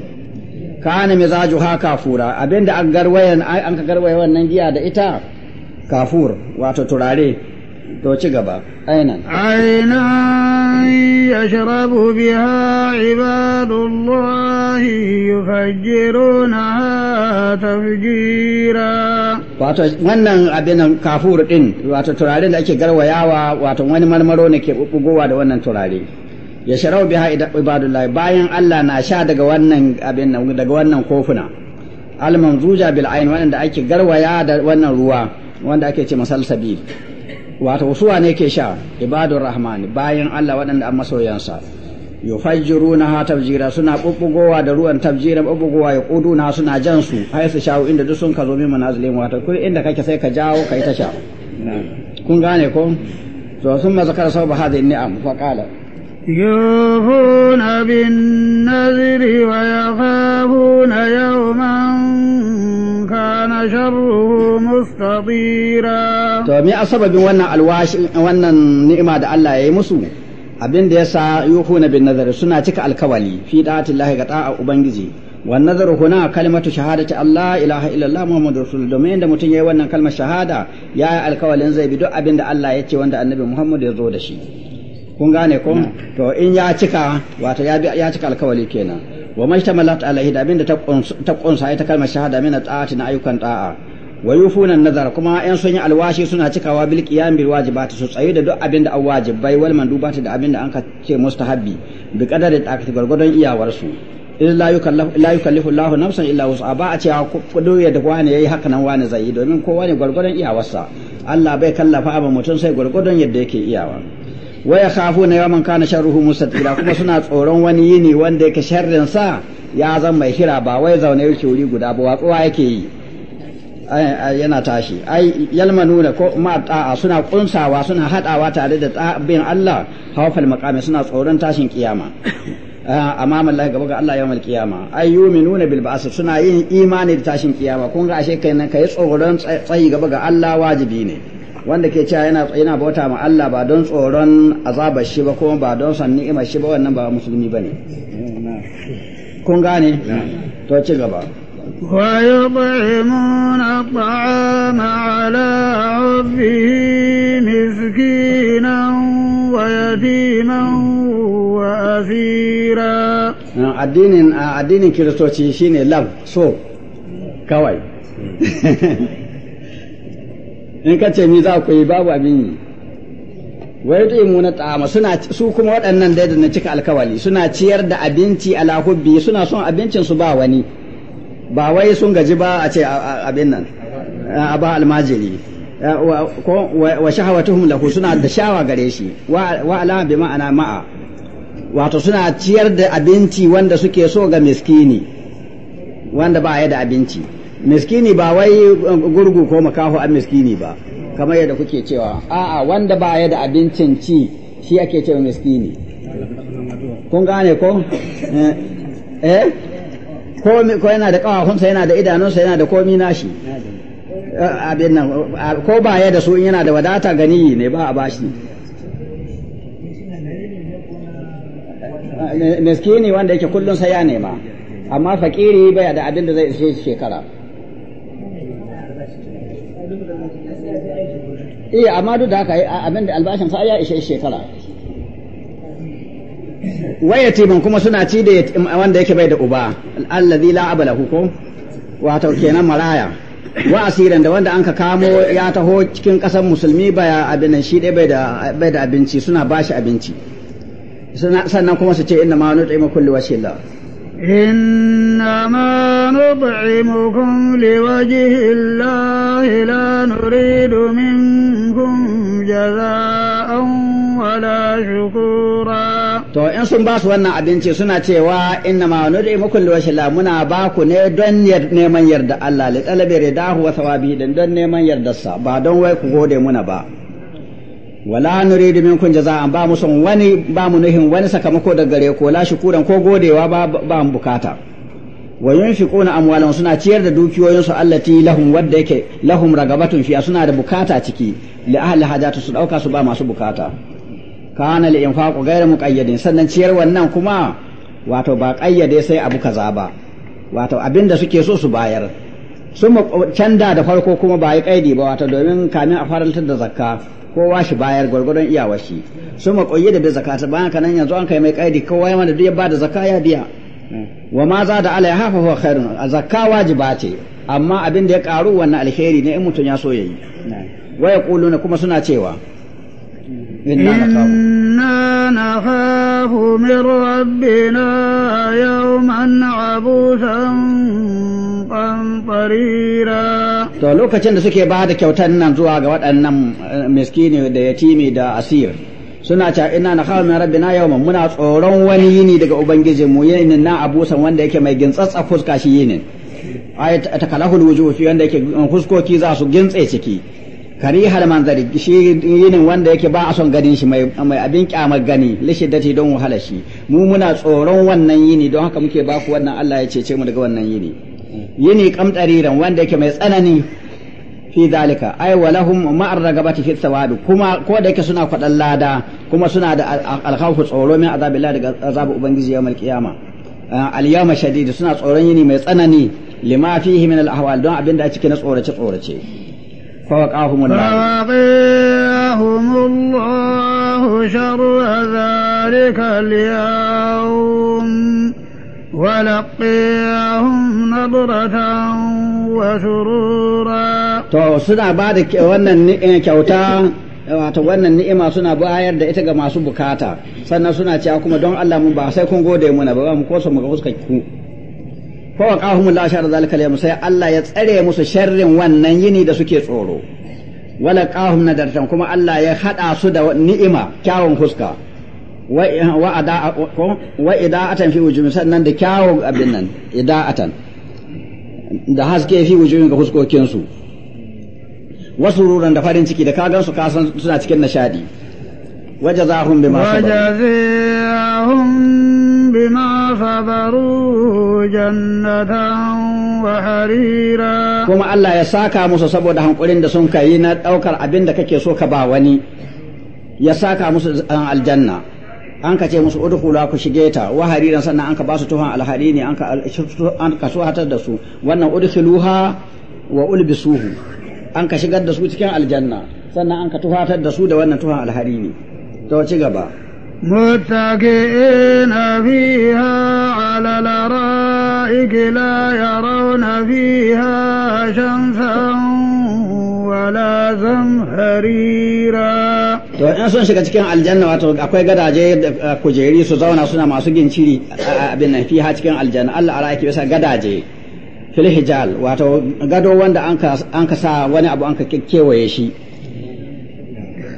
kana mizaju ha kafura abin da an garwayan an ka garwaya wannan giya da ita kafur wato turare to ci gaba ainan ainan يشرب بها عباد الله يفجرونها تفجيرا wato wannan abin kafur din wato turare da ake garwayawa wato wani marmaro ne ke bugowa da wannan turare ya sharau biha ibadullahi bayan Allah na sha daga wannan abin nan, daga wannan kofuna al manzuja bil ain wanda ake garwaya da wannan ruwa wanda ake ce sabil wato su ne ke sha ibadur rahman bayan Allah waɗanda an masoyansa yufajjiruna ha tafjira suna bubbugowa da ruwan tafjira bubbugowa ya quduna suna jan su ai su shawo inda duk sun ka zo min manazilin wato kai inda kake sai ka jawo kai ta sha kun gane ko to sun mazakar sau ba hadin ni'am fa qala يوفون بالنذر ويخافون يوما كان شره مستطيرا to me asababin wannan alwashi wannan ni'ima da Allah ya yi musu abin da yasa yuhuna bin nazari suna cika alkawali fi da'atillahi ga da'a ubangiji wan nazar huna kalimatu shahadati Allah ilaha illallah muhammadur rasul domin da mutum yayi wannan kalmar shahada ya yi alkawalin zai bi duk abin da Allah ya ce wanda annabi Muhammad ya zo da shi kun gane ko to in ya cika wato ya ya cika alkawali kenan wa mashtamalat alaihi da abinda ta kunsa ita kalmar shahada min ta'ati na ayyukan ta'a wa yufuna nazar kuma yan sun yi alwashi suna cikawa bil qiyam bil wajibat su tsaye da duk abinda an bai wal mandubati da abinda an ka ce mustahabbi bi qadari ta'ati gargadon iyawar su illa la yukallifu Allah nafsan illa wus'a ba a ce kudu ya da wani yayi haka nan wani zai yi domin kowa ne gargadon iyawarsa Allah bai kallafa ba mutum sai gargadon yadda yake iyawa wa na yawman kana sharruhu mustatira kuma suna tsoron wani yini wanda yake sharrin sa ya zan mai hira ba wai zaune yake wuri guda ba watsuwa yake yi yana tashi ai yalmanuna ko ma ta'a suna kunsawa suna hadawa tare da bin Allah hawfal maqami suna tsoron tashin kiyama ah, amama Allah gaba ga Allah yawmal kiyama ai yuminuna bil ba'th suna yin imani da tashin kiyama kun ga ashe kai nan kai tsoron tsayi gaba ga Allah wajibi ne wanda ke cewa yana yana bauta ma Allah ba don tsoron azabar shi ba kuma ba don san ni'imar shi ba wannan ba musulmi bane kun gane to ci gaba ويطعمون الطعام على حبه مسكينا ويتيما وأسيرا addinin addinin kiristoci shine lab so kawai in ka ce ni za ku yi babu abin yi wa na ta'ama suna su kuma waɗannan dai da na cika alkawali suna ciyar da abinci a lahubbi suna son abincin su ba wani ba wai sun gaji ba a ce abin nan a ba almajiri eh, wa shahawatuhum lahu suna da shawa gare shi wa ala bi ma'ana ma'a wato suna ciyar da abinci wanda suke so ga miskini wanda ba ya da abinci miskini ba wai gurgu ko makaho an miskini ba kamar yadda kuke cewa a'a wanda ba ya da abincin ci shi ake cewa miskini kun gane ko eh, eh? ko ko yana da kawafunsa yana da idanunsa yana da komi nashi eh, abin nan ko ba ya da su yana da wadata gani ne ba a bashi eh, miskini wanda yake kullum sai ya nema amma fakiri bai da abin da zai ishe shekara Iya eh, amma duk da haka abinda albashin sa ya ishe shekara wa yatiman kuma suna ci da wanda yake bai da uba allazi la abalahu ko wato kenan maraya wa asiran da wanda anka kamo ya taho cikin kasar musulmi ba abin shi dai bai da bai da abinci suna bashi abinci sannan kuma su ce inna ma nut'imu kulli wajhi إنما نطعمكم لوجه الله لا نريد منكم جزاء ولا شكورا to in sun basu wannan abinci suna cewa inna ma nud'imukum liwajhillah muna ba ku ne don neman yarda Allah da talabi ridahu wa thawabi don neman yardarsa ba don wai ku gode muna ba wala nuridu minkum jaza'an ba mu son wani ba mu nuhin wani sakamako daga gare ko la shukuran ko godewa ba ba mu bukata wa yunfiquna amwalan suna ciyar da dukiyoyin su allati lahum wadda yake lahum ragabatun fi suna da bukata ciki li ahli hajatu su dauka su ba masu bukata kana li infaqu ghayra muqayyadin sannan ciyar wannan kuma wato ba kayyade sai abu kaza ba wato abinda suke so su bayar sun canda da farko kuma ba yi kaidi ba wato domin kamin a farantar da zakka kowa shi bayar gwargwadon iyawa shi su ma koyi da zakata bayan kanan yanzu an kai mai ƙaidi kowa ya da ya ba da zaka ya biya wa ma za da ala ya hafa huwa khairun zakka wajiba ce amma abin da ya karu wannan alheri ne in mutum ya so yayi wa yaquluna kuma suna cewa inna إنا نخاف من ربنا يوما عبوسا قمطريرا to lokacin da suke ba da kyautar nan zuwa ga waɗannan eh, miskini da yatimi da asir suna cewa ina na kawo min rabbi na yawman muna tsoron wani yini daga ubangijin mu yinin na abusan wanda yake mai gintsatsa fuska shi yinin Takalahu takalahul wanda yake eh, fuskoki za su gintse ciki kari karihar manzari shi yinin wanda yake ba a son ganin shi mai abin kyamar gani lishiddati don wahala shi mu muna tsoron wannan yini don haka muke baku wannan Allah ya cece mu daga wannan yini yini kamtariran wanda yake mai tsanani fi dalika ay walahum ma'ar ragabati fi thawab kuma ko da yake suna kwadan lada kuma suna da alkhawfu tsoro min azabillah daga azabu ubangiji yawmal qiyama ah, al yawma shadid suna tsoron yini mai tsanani lima fihi min al ahwal don abinda a cikin tsorace tsorace فوقاهم الله فوقاهم الله شر ذلك اليوم ولقيهم نظرة وسرورا suna ba da wannan eh, kyauta wato wannan ni'ima suna bayar da ita ga masu bukata sannan suna cewa kuma don Allah mun ba sai kun gode muna ba mu ko mu ga fuskar ku fa wa qahum la shar zalika al sai Allah ya tsare musu sharrin wannan yini da suke tsoro wala ƙahun na nadartan kuma Allah ya haɗa su da ni'ima kyawun fuska wa ada wa ida'atan fi wujuhin sannan da kyawun abin nan ida'atan da haske fi wujuhin ga fuskokinsu wasu ruran da farin ciki da kagan su kasan suna cikin nishadi wajazahum bima sabaru wajazahum بما صبروا جنة وحريرا كما الله يساكا موسى سبو دهن قولين ده سنكا ينا أوكر أبين ده كي سوكا باواني يساكا موسى الجنة an ka ce musu udkhula ku shige ta wa hariran sannan an ka ba su tuhan alharini an ka an ka so hatar da su wannan udkhuluha wa ulbisuhu an ka shigar da su cikin aljanna sannan an ka tuhatar da su da wannan tuhan alharini to ci gaba متكئين فيها على الأرائك لا يرون فيها شمسا ولا زمهريرا to in sun shiga cikin aljanna wato akwai gadaje eh, kujeri su zauna suna masu ginciri abin nan fiha cikin aljanna Allah ara yake bisa gadaje fil hijal wato gado wanda an ka sa wani abu an ka kewaye shi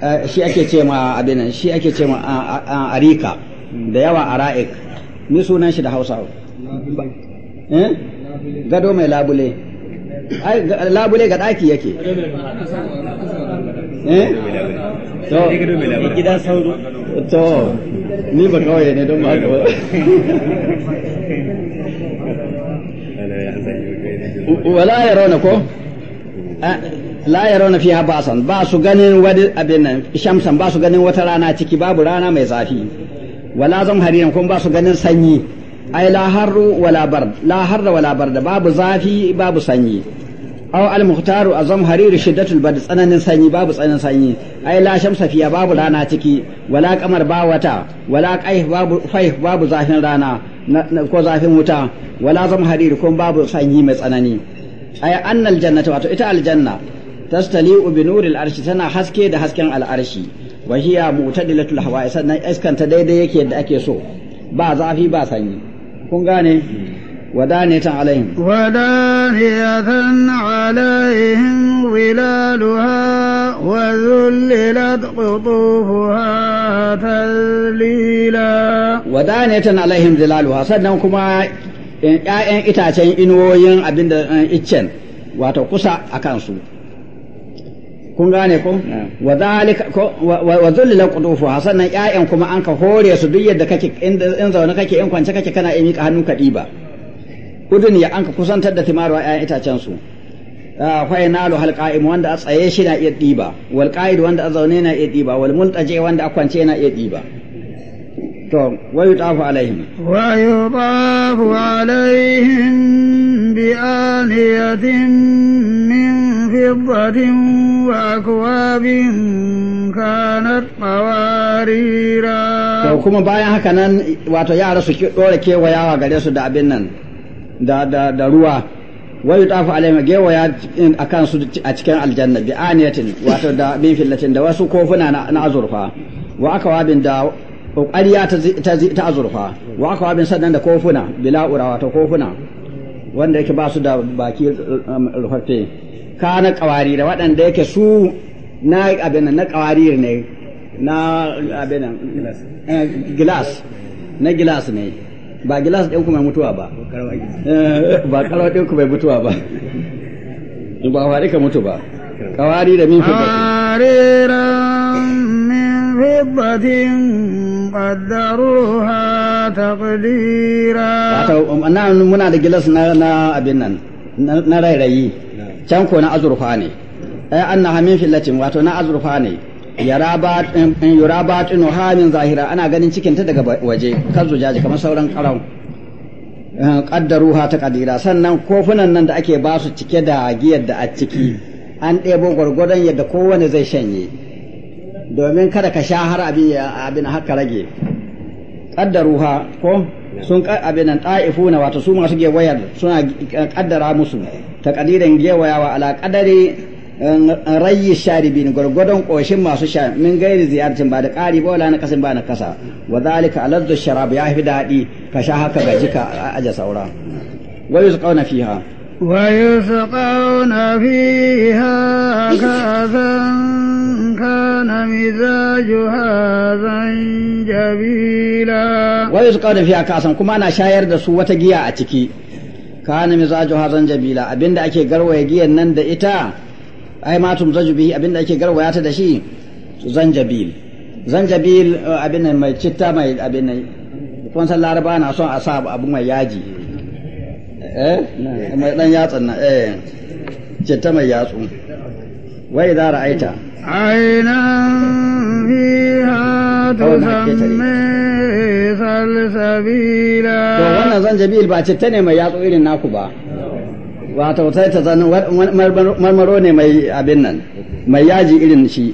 Eh, shi ake ce ma abin shi ake ce ma arika da yawa ara'ik ni sunan shi da Hausa eh gado mai labule ai labule ga daki yake eh? to ni ba kawai ne don ba haka ba wala ya rauna ko la yarawna fiha ba'san ba su ganin wani abin nan shamsan ba su ganin wata rana ciki babu rana mai zafi wala zan hariran kuma ba su ganin sanyi ai la harru wala bard la harra wala bard babu zafi babu sanyi aw al muhtaru azam harir shiddatul bard tsananin sanyi babu tsananin sanyi ai la shamsa fiya babu rana ciki wala kamar ba wata wala qaih babu faih babu zafin rana ko zafin wuta wala zam harir kuma babu sanyi mai tsanani ai annal jannatu wato ita aljanna tastali bi nuril arshi tana haske da hasken al'arshi wa hiya mu'tadilatul hawa'i sannan iskan ta daidai yake da ake so ba zafi ba sanyi kun gane ودانية عليهم ودانية عليهم ظلالها وذللت قطوفها تذليلا ودانية عليهم ظلالها sannan kuma eh, ‘ya'yan itacen inuwoyin abin da eh, iccen wato kusa a su. kun gane ko wa zalika wa zullila qudufu ƴaƴan kuma an ka hore su duk yadda kake in zaune kake in kwance kake kana ka hannu ka diba udun ya an ka kusantar da timarwa ƴaƴan itacen su ah, fa lu hal qa'im wanda a tsaye shi na iya diba wal qa'id wanda a zaune na iya diba wal multaje wanda a kwance na iya diba to ويطاف عليهم ويطاف عليهم بآنية من فضة وأكواب كانت قواريرا to kuma bayan haka nan wato yara su dore kewayawa gare su da abin nan da da da ruwa wai tafu alaima gewaya akan su a cikin aljanna bi aniyatin wato da min fillatin da wasu kofuna na azurfa wa aka da ƙwariya ta azurfa wa aka abin sannan da kofuna bila urawa ta kofuna wanda yake ba su da baki um, rufaffe ka na ƙawari da waɗanda yake su na abin na ƙawari ne na abin eh, gilas na gilas ne ba gilas ɗin kuma mutuwa ba ba ƙarwa ɗin eh, kuma mutuwa ba ba faɗi ka mutu ba ƙawari da min fidda ƙariran min fiddatin qaddaruha taqdira wato um, muna da gilas na na abin nan na rairayi can ko na azurfa ne ai eh, annaha fillatin wato na azurfa ne yura batinu hamin zahira ana ganin cikinta daga waje kan zujaji kamar sauran karau kaddaruha eh, ta kadira sannan kofunan nan da ake ba su cike da giyar da a ciki an ɗebo gwargwadon yadda kowane zai shanye domin kada ka sha har abin abin haka rage kaddaruha ko sun abin nan ta'ifuna wato su masu gewayar suna kaddara musu takadirin gewayawa ala kadari eh, rayi sharibin gwargwadon koshin masu sha min gairi ziyartin ba da ƙari ba wala na kasin ba na kasa wa zalika aladdu sharab ya fi daɗi ka sha haka ga jika aja saura wa yuzqawna fiha ويسقون فيها كأسا كان مزاجها زنجبيلا ويسقون فيها كأسا كما أنا شاير دا سوة وتجيا أتكي كان مزاجها زنجبيلا أبين دا أكي قروي جيا نند إتا أي ما تمزج به أبين دا أكي قروي أتا دشي زنجبيل زنجبيل أبين ما تشتا ما أبين kun san laraba na son a sa abu mai yaji Eh? mai dan yatsun na eh citta mai yatsu wai za ra'aita عينا فيها sal سلسبيلا to wannan zan zanjabil ba citta ne mai yatsu irin naku ba wato sai ta zan marmaro ne mai abin nan mai yaji irin shi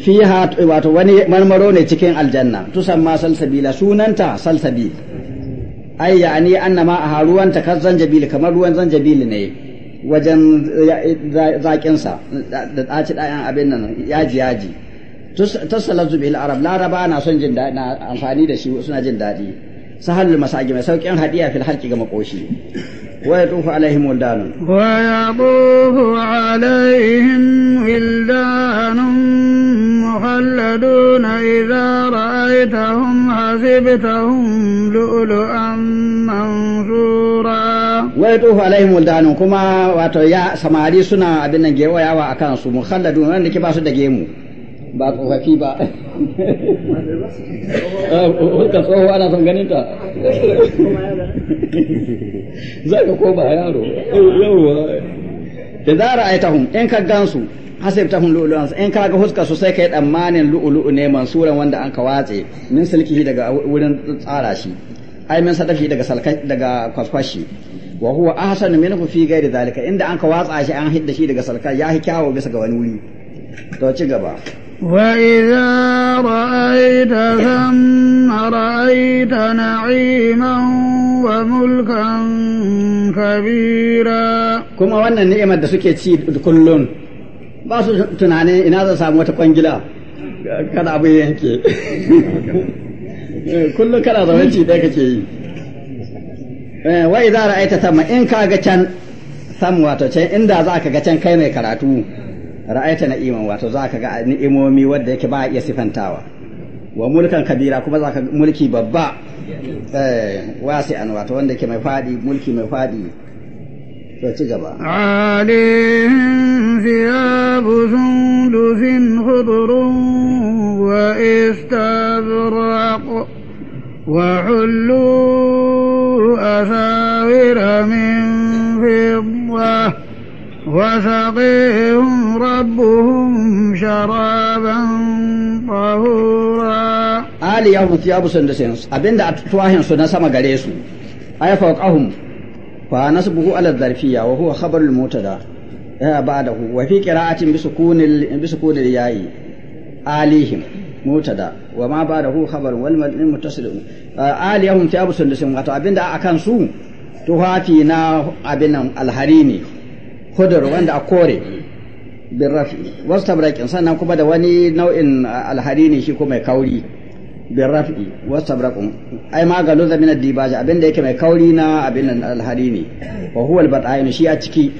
fiha wato wani marmaro ne cikin aljanna tusamma salsabila sunanta salsabila ai yani annama a ruwan ta kan zanjabili kamar ruwan zanjabil ne wajen zakinsa sa da ɗaci ɗayan abin nan yaji yaji tasalazu bil arab laraba na son jin daɗi na amfani da shi suna jin daɗi sahalul masaji mai saukin hadiya fil halki ga makoshi ويطوف عليهم ولدان ويطوف عليهم ولدان مخلدون إذا رأيتهم حسبتهم لؤلؤا منثورا ويطوف عليهم ولدان كما واتو يا سماري سنا أبنا جيوا يا وأكان سو مخلدون أنك باسو دجيمو ba tsofaffi ba wata eh, tsoho ana son ganin ta za ka ko ba yaro yawwa da za ra'aitahum in ka gansu hasibtahum lu'lu'an in ka ga huska su sai kai tsammanin lu'ulu'u ne mansuran wanda an ka watse min silkihi daga wurin tsara shi ai min sadafi daga salkai daga kwasfashi wa huwa ahsanu minhu fi ghairi zalika inda an ka watsa shi an hidda shi daga salkai ya hi kyawo bisa ga wani wuri to ci gaba وإذا رأيت ثم رأيت نعيما mulkan Kabira? كما وانا نعمة da suke ci kullum ba su tunanin ina za samu wata kwangila kada abu yanke kullum kana zaune ci ɗaya kake yi eh, wai za ra'aita sama in ka ga can sam wato inda za ka ga can kai mai karatu ra'aita na'iman wato za ka ga ni'imomi wadda yake ba a iya sifantawa wa mulkan kabira kuma za ka mulki babba eh, wasi an wato wanda yake mai fadi mulki mai fadi to ci gaba alihim thiyabu sundufin khudrun wa istabraq وحلوا أساور من فضة وسقيهم ربهم شرابا طهورا ali ya hutu ya busan da sayansu abinda a tuwahin su na sama gare su ay fawqahum fa nasbuhu ala zarfiya wa huwa khabarul mutada ba'dahu wa fi qira'atin bi sukunil bi sukunil yayi alihim mutada wa ma ba'dahu khabarun wal ali ya ya da kan su tuhafi na abinan alhari ne hudur wanda a kore bin rafi wasu tabrakin sannan kuma da wani nau'in alhari ne shi ko mai kauri bin rafi wasu tabrakin ai maganin da minar dibaja abinda yake mai kauri na abin nan alhari ne wa huwa albatayin shi a ciki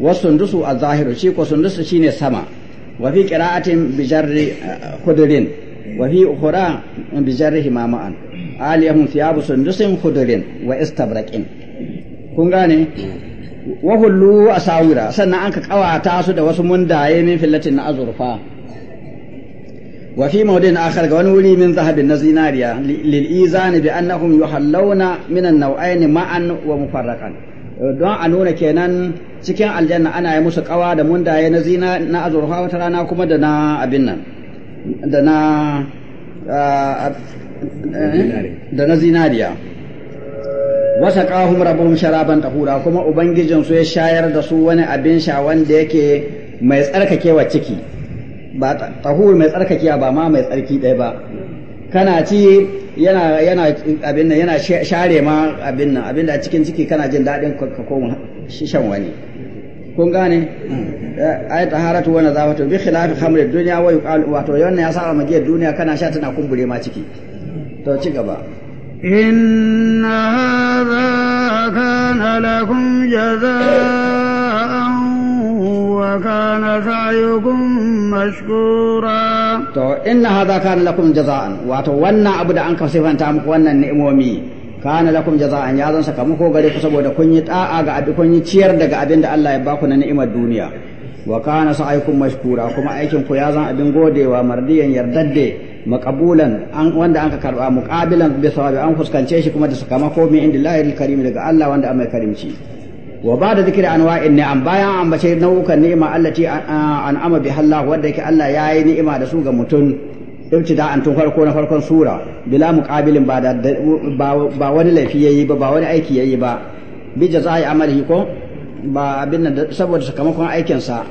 wasu sundusu a zahiru shi ko sundusu shine sama wa fi qira'atin bi jarri hudurin wa fi ukhra bi jarri himama'an aliyahum thiyabu sundusin hudurin wa istabraqin kun gane wa hullu asawira sannan an ka kawata su da wasu mundaye min fillatin na azurfa wa fi mawdin akhar ga wani wuri min zahabin na zinariya lil izani bi annahum yuhallawna min an-naw'ain ma'an wa mufarraqan don a nuna kenan cikin aljanna ana yi musu kawa da mundaye na zina na azurfa wata rana kuma da na abin nan da na ah, eh, da na zinariya wasa ƙahun sharaban tahura kuma ubangijinsu ya shayar da su wani abin sha wanda yake mai tsarkakewa ciki ba tahur mai tsarkakewa ba ma mai tsarki ɗaya ba kana ci yana yana abin nan yana share ma abin nan abin da cikin ciki kana jin daɗin ka koma shan wani kun gane eh, ai taharatu wa nazafatu bi khilafi khamri dunya wa yuqalu wato wannan ya sa magiyar duniya kana sha tana kumbure ma ciki to ci gaba إن هذا كان لكم جزاء وكان سعيكم مشكورا تو إن هذا كان لكم جزاء واتو ونا أبدا أنك صفان muku wannan ni'imomi kana lakum jaza'an ya zan sakamako gare ku saboda kun yi da'a ga abin kun yi ciyar daga abin da Allah ya ba ku na ni'imar duniya wa kana sa'aykum mashkura kuma aikin ku ya zan abin godewa mardiyan yardadde maqabulan an wanda anka karba muqabilan bi sawabi an fuskance shi kuma da sakamako min indillahi karim daga Allah wanda amai karimci wa ba'da zikri anwa'in ni'am bayan bace nau'ukan ni'ima allati an'ama bi Allah wanda yake Allah yayi ni'ima da su ga mutum ibtida an tun farko na farkon sura bila muqabilin ba ba wani laifi yayi ba ba wani aiki yayi ba bi jazai amalihi ko ba abin saboda sakamakon aikinsa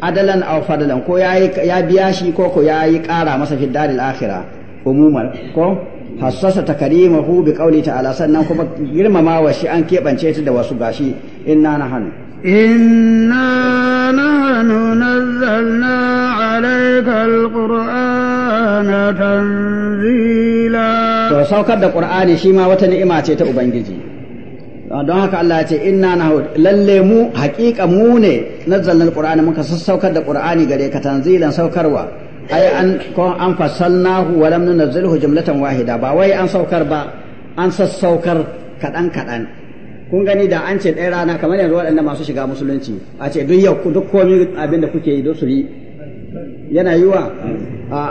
adalan aw fadlan ko ya biya shi ko ko yayi ƙara masa fi daril akhira umuman ko hassasa takrimahu bi qawli ta'ala sannan kuma girmamawa shi an keɓance ta da wasu gashi inna nahanu inna nahnu nazzalna alayka alqur'ana tanzila. to saukar da Qur'ani shi ma wata ni'ima ce ta Ubangiji Ah, don haka Allah ya ce inna na lalle mu haƙiƙa mu ne na nazzalna alqur'ana muka sassaukar da qur'ani gare ka tanzilan saukarwa ai an ko an fasalnahu wa lam nunzilhu jumlatan wahida ba wai an saukar ba an sassaukar kadan kadan kun gani da an ce ɗaya rana kamar yanzu waɗanda masu shiga musulunci a ce duk yau duk komai abin da kuke yi su yi yana yiwa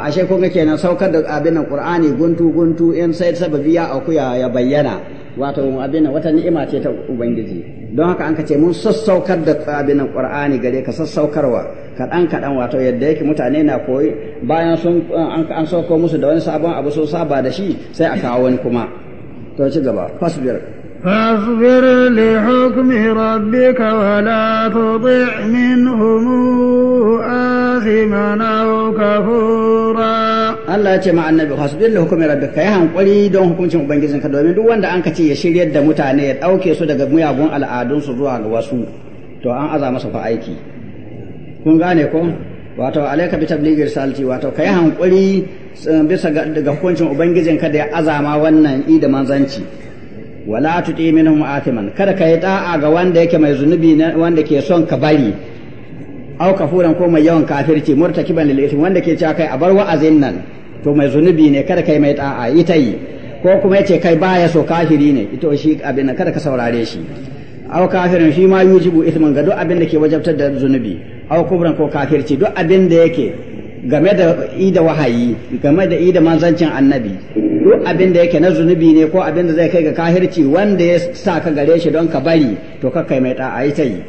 ashe kun ga kenan saukar da abin nan qur'ani guntu guntu in sai sababi ya akuya ya bayyana wato abin wata ni'ima ce ta ubangiji don haka an ce mun sassaukar da abin qur'ani gare ka sassaukarwa kaɗan kaɗan wato yadda yake mutane na koyi bayan sun an sauko musu da wani sabon abu sun saba da shi sai a kawo wani kuma to ci gaba fasbir فاصبر لحكم ربك ولا تطع منهم آثما أو كفورا Allah ya ce ma annabi fasbir li hukmi rabbika yi hankuri don hukuncin ubangijinka domin duk wanda an ce ya shiryar da mutane ya dauke su daga muyagun al'adun su zuwa ga wasu to an aza masa fa aiki kun gane ko wato alayka bi tablighi risalati wato kai hankuri eh, bisa ga hukuncin ubangijinka da ya azama wannan i da manzanci wala tuti minhum athiman kada kai da'a ga wanda yake mai zunubi wanda ke son ka bari aw kafuran ko mai yawan kafirci murtakiban lil ithmi wanda ke cewa kai a bar wa'azin nan to mai zunubi ne kada kai mai da'a ita yi ko kuma yace kai baya so kafiri ne ito shi abin kada ka saurare shi aw kafirin shi ma yujibu ithman ga duk abin da ke wajabtar da zunubi aw kubran ko kafirci duk abin da yake game da ida wahayi game da ida manzancin annabi duk abin da yake na zunubi ne ko abin da zai kai ga kafirci wanda ya sa ka gare shi don ka bari to kakkai mai da'a ita yi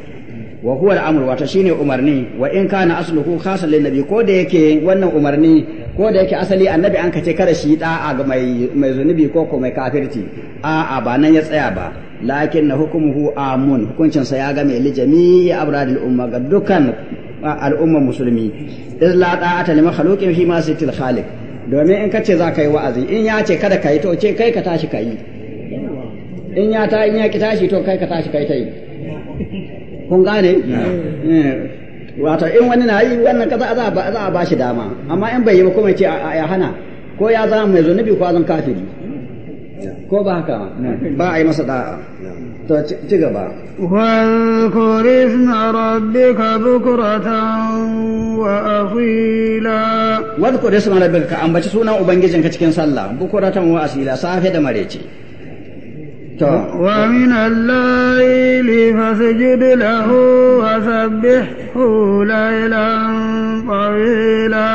wa huwa al wa shine umarni wa in kana asluhu khasan lin nabi ko da yake wannan umarni ko da yake asali annabi an kace kada shi a ga mai mai zunubi ko ko mai kafirci a'a ba nan ya tsaya ba lakin na hukumuhu amun hukuncin sa ya ga mai li jami'i abradil umma ga dukkan al'umma musulmi iz la ta'ata li makhluqin fi ma sitil khaliq domin in kace za ka yi wa'azi in ya ce kada ka yi to ce kai ka tashi ka yi in ya ta in ya ki tashi to kai ka tashi kai ta yi kun gane eh. wato in wani na yi wannan kaza za a za a ba shi dama amma in bai yi ba kuma ce a hana ko ya zama mai zunubi ko azan kafiri ko ba haka ba a yi masa da'a to ci gaba wa na rabbi ka bukuratan wa asila wa kurisin rabbi ka ambaci sunan ubangijinka cikin sallah bukuratan wa asila safe da mare ce ومن الليل فسجد له وسبحه ليلا طويلا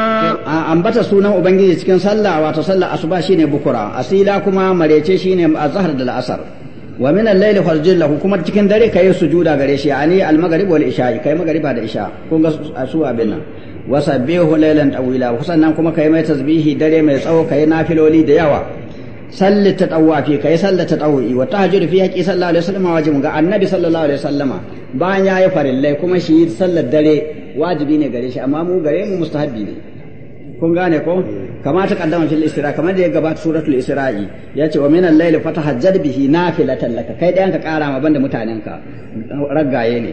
ambata sunan ubangiji cikin sallah wato sallah asuba shine bukura asila kuma marece shine azhar da al'asar wa min al-layli fasjud lahu kuma cikin dare kai sujuda gare shi ani al-maghrib wal isha kai magriba da isha kun ga asuwa abin wa sabbihu laylan tawila sannan kuma kai mai tasbihi dare mai tsawo kai nafiloli da yawa sallata tatawwa fi kai sallar tatawwi wa tahajjud fi haqqi sallallahu alaihi wasallam mu. ga annabi sallallahu alaihi wasallam bayan yayi farillai kuma shi sallar dare wajibi ne gare shi amma mu gare mu mustahabbi ne kun gane ko kama ta kaddama fil isra kamar da ya gabata suratul isra'i ya ce wa min al-layli fatahajjad bihi nafilatan laka kai an ka kara ma banda ka. Ragaye ne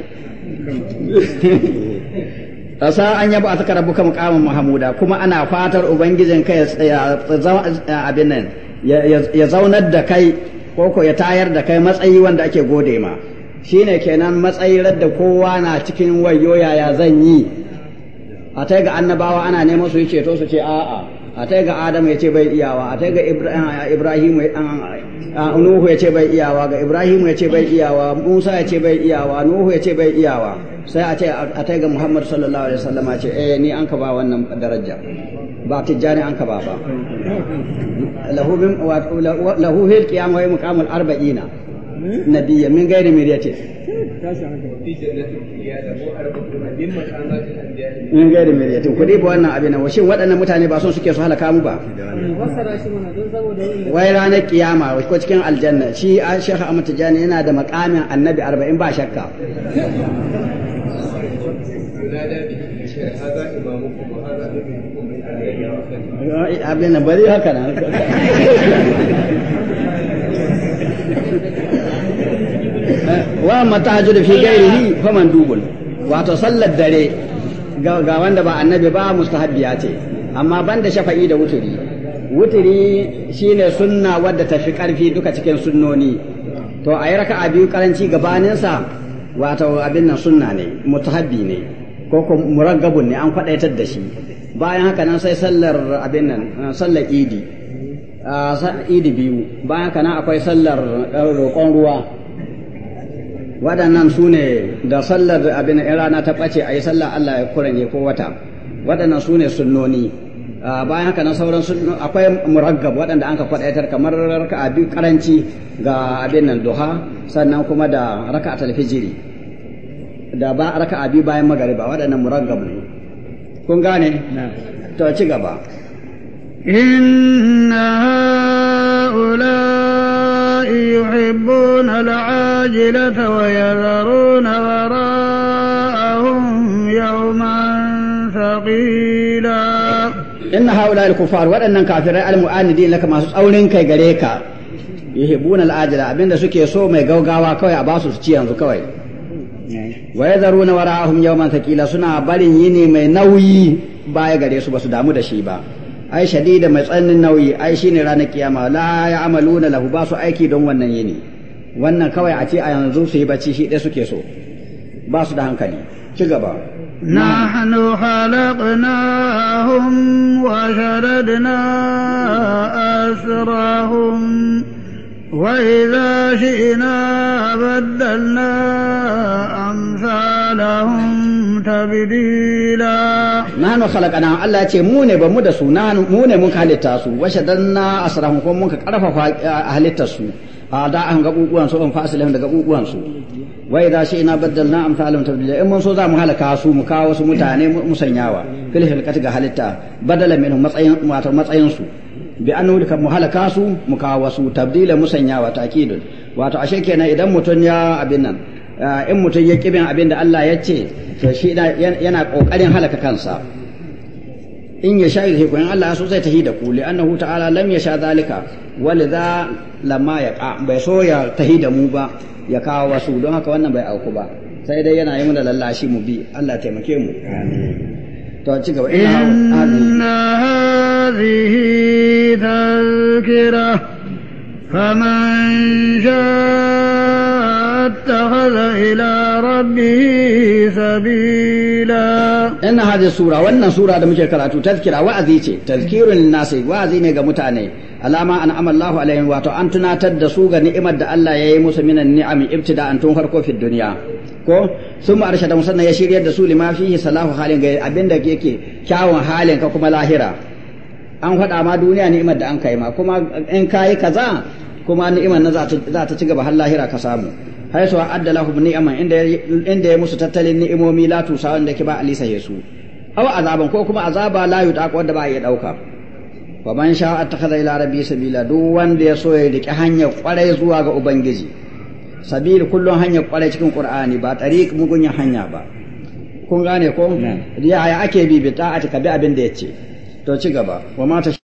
asa an yaba a taka rabbuka mahmuda kuma ana fatar ubangijin kai ya zama abin nan ya zaunar da kai ko ko ya tayar da kai matsayi wanda ake gode ma Shi ne kenan matsayi radda kowa na cikin wayo yaya zan yi a ta ga annabawa ana neman su yi ceto su ce a'a a ta ga adam ya ce bai iyawa a ta ga ibrahim Nuhu ya ce bai iyawa ga Ibrahim ya ce bai iyawa Musa ya ce bai iyawa Nuhu ya ce bai iyawa sai a ce a ta ga Muhammad sallallahu alaihi wasallam ce eh ni an ka ba wannan daraja ba tijjani an ka ba ba lahu min lahu fil qiyam wa muqamul arba'ina nabiyya min ghairi in gairin miryatin ku ba wannan abin wa shin waɗannan mutane ba son suke su halaka mu ba wai ranar kiyama ko cikin aljanna shi shekha ahmad tijani yana da makamin annabi arba'in ba shakka abin bari haka nan wa matahajjud fi fa faman dubul wato sallar dare ga wanda ba annabi ba mustahabbiya ce amma banda shafa'i da wuturi wuturi shine sunna wadda tafi karfi duka cikin sunnoni to a yi raka'a biyu karanci gabaninsa wato abin nan sunna ne mutahabbi ne ko ko muraggabun ne an kwadaitar da shi bayan haka nan sai sallar abin nan sallar idi ah, idi biyu bayan haka nan akwai sallar eh, roƙon ruwa waɗannan su ne da sallar abin rana ta ɓace a yi sallar Allah ya kuranye ko wata waɗannan su ne sunnoni bayan haka na sauran sunnoni akwai muraggab waɗanda an ka kwaɗaitar kamar raka a biyu karanci ga abin nan duha sannan kuma da raka a talfijiri da ba raka a biyu bayan magariba waɗannan muraggab ne kun gane to ci gaba inna ha'ula يحبون العاجلة ويذرون وراءهم يوما ثقيلا إن هؤلاء الكفار وأن كافرين المؤاندين لك ما أولين كي غريكا يحبون العاجلة أبين سكي سو مي غوغاوا كوي أباسو سكيان كوي ويذرون وراءهم يوما ثقيلا سنا بالين يني مي نوي baya gare su ba su damu da shi ba ai shadida mai tsananin nauyi ai shine ranar kiyama la ya amaluna lahu ba su aiki don wannan yini wannan kawai a ce a yanzu su yi bacci shi ɗaya suke so ba su da hankali ci gaba نحن خلقناهم وشردنا أسرهم وإذا شئنا بدلنا أمثالهم تبديلا نحن خلقنا الله يتي مونة بمودة سو مونة منك أهل التاسو وشدنا أسرهم كم منك أرفع أهل التاسو أعداءهم قبوقوان سوء فأسلهم قبوقوان سوء وإذا شئنا بدلنا أمثالهم تبديلا إن من سوزا مهلكا سو مكاوس متاني مسنياوا كل خلقتك أهل التا بدلا منهم مطعين سوء bi an mu halakasu su mu kawo tabdila musanyawa wato ashe kenan idan mutum ya abin nan eh, in mutum ya kibin abin da Allah ya ce to shi yana kokarin halaka kansa in ya sha yake kun Allah so zai tahi da ku li annahu ta'ala lam sha zalika walidha lamma yaqa bai so ya tahi da mu ba ya kawo wasu don haka wannan bai auku ba sai dai yana yi mana lallashi mu bi Allah taimake mu amin to ci gaba inna هذه تذكرة فمن شاء اتخذ إلى ربه سبيلا إن هذه السورة وإن سورة دمجة كراتو تذكرة ga تذكير alama an lahu alaihim wato an tunatar da su ga ni'imar da Allah ya yi musu minan ni'ami ibtida an tun farko fi duniya ko sun ma arshada musanna ya shiryar da su lima fihi salahu halin ga abinda yake kyawun halin ka kuma lahira an faɗa ma duniya ni'imar da an kai ma kuma in kayi kaza kuma ni'imar na za ta ci gaba har lahira ka samu haisu wa adda ni'aman inda inda ya musu tattalin ni'imomi la tusa wanda ke ba alisa yesu aw azaban ko kuma azaba la ko wanda ba ya dauka wa man sha attakhadha ila rabbi sabila duk wanda ya so ya riki hanyar kwarai zuwa ga ubangiji sabil kullun hanyar kwarai cikin qur'ani ba tariq mugunya hanya ba kun gane ko riya ake bibita a ta'ati ka abin da yace 找这个吧，我妈她。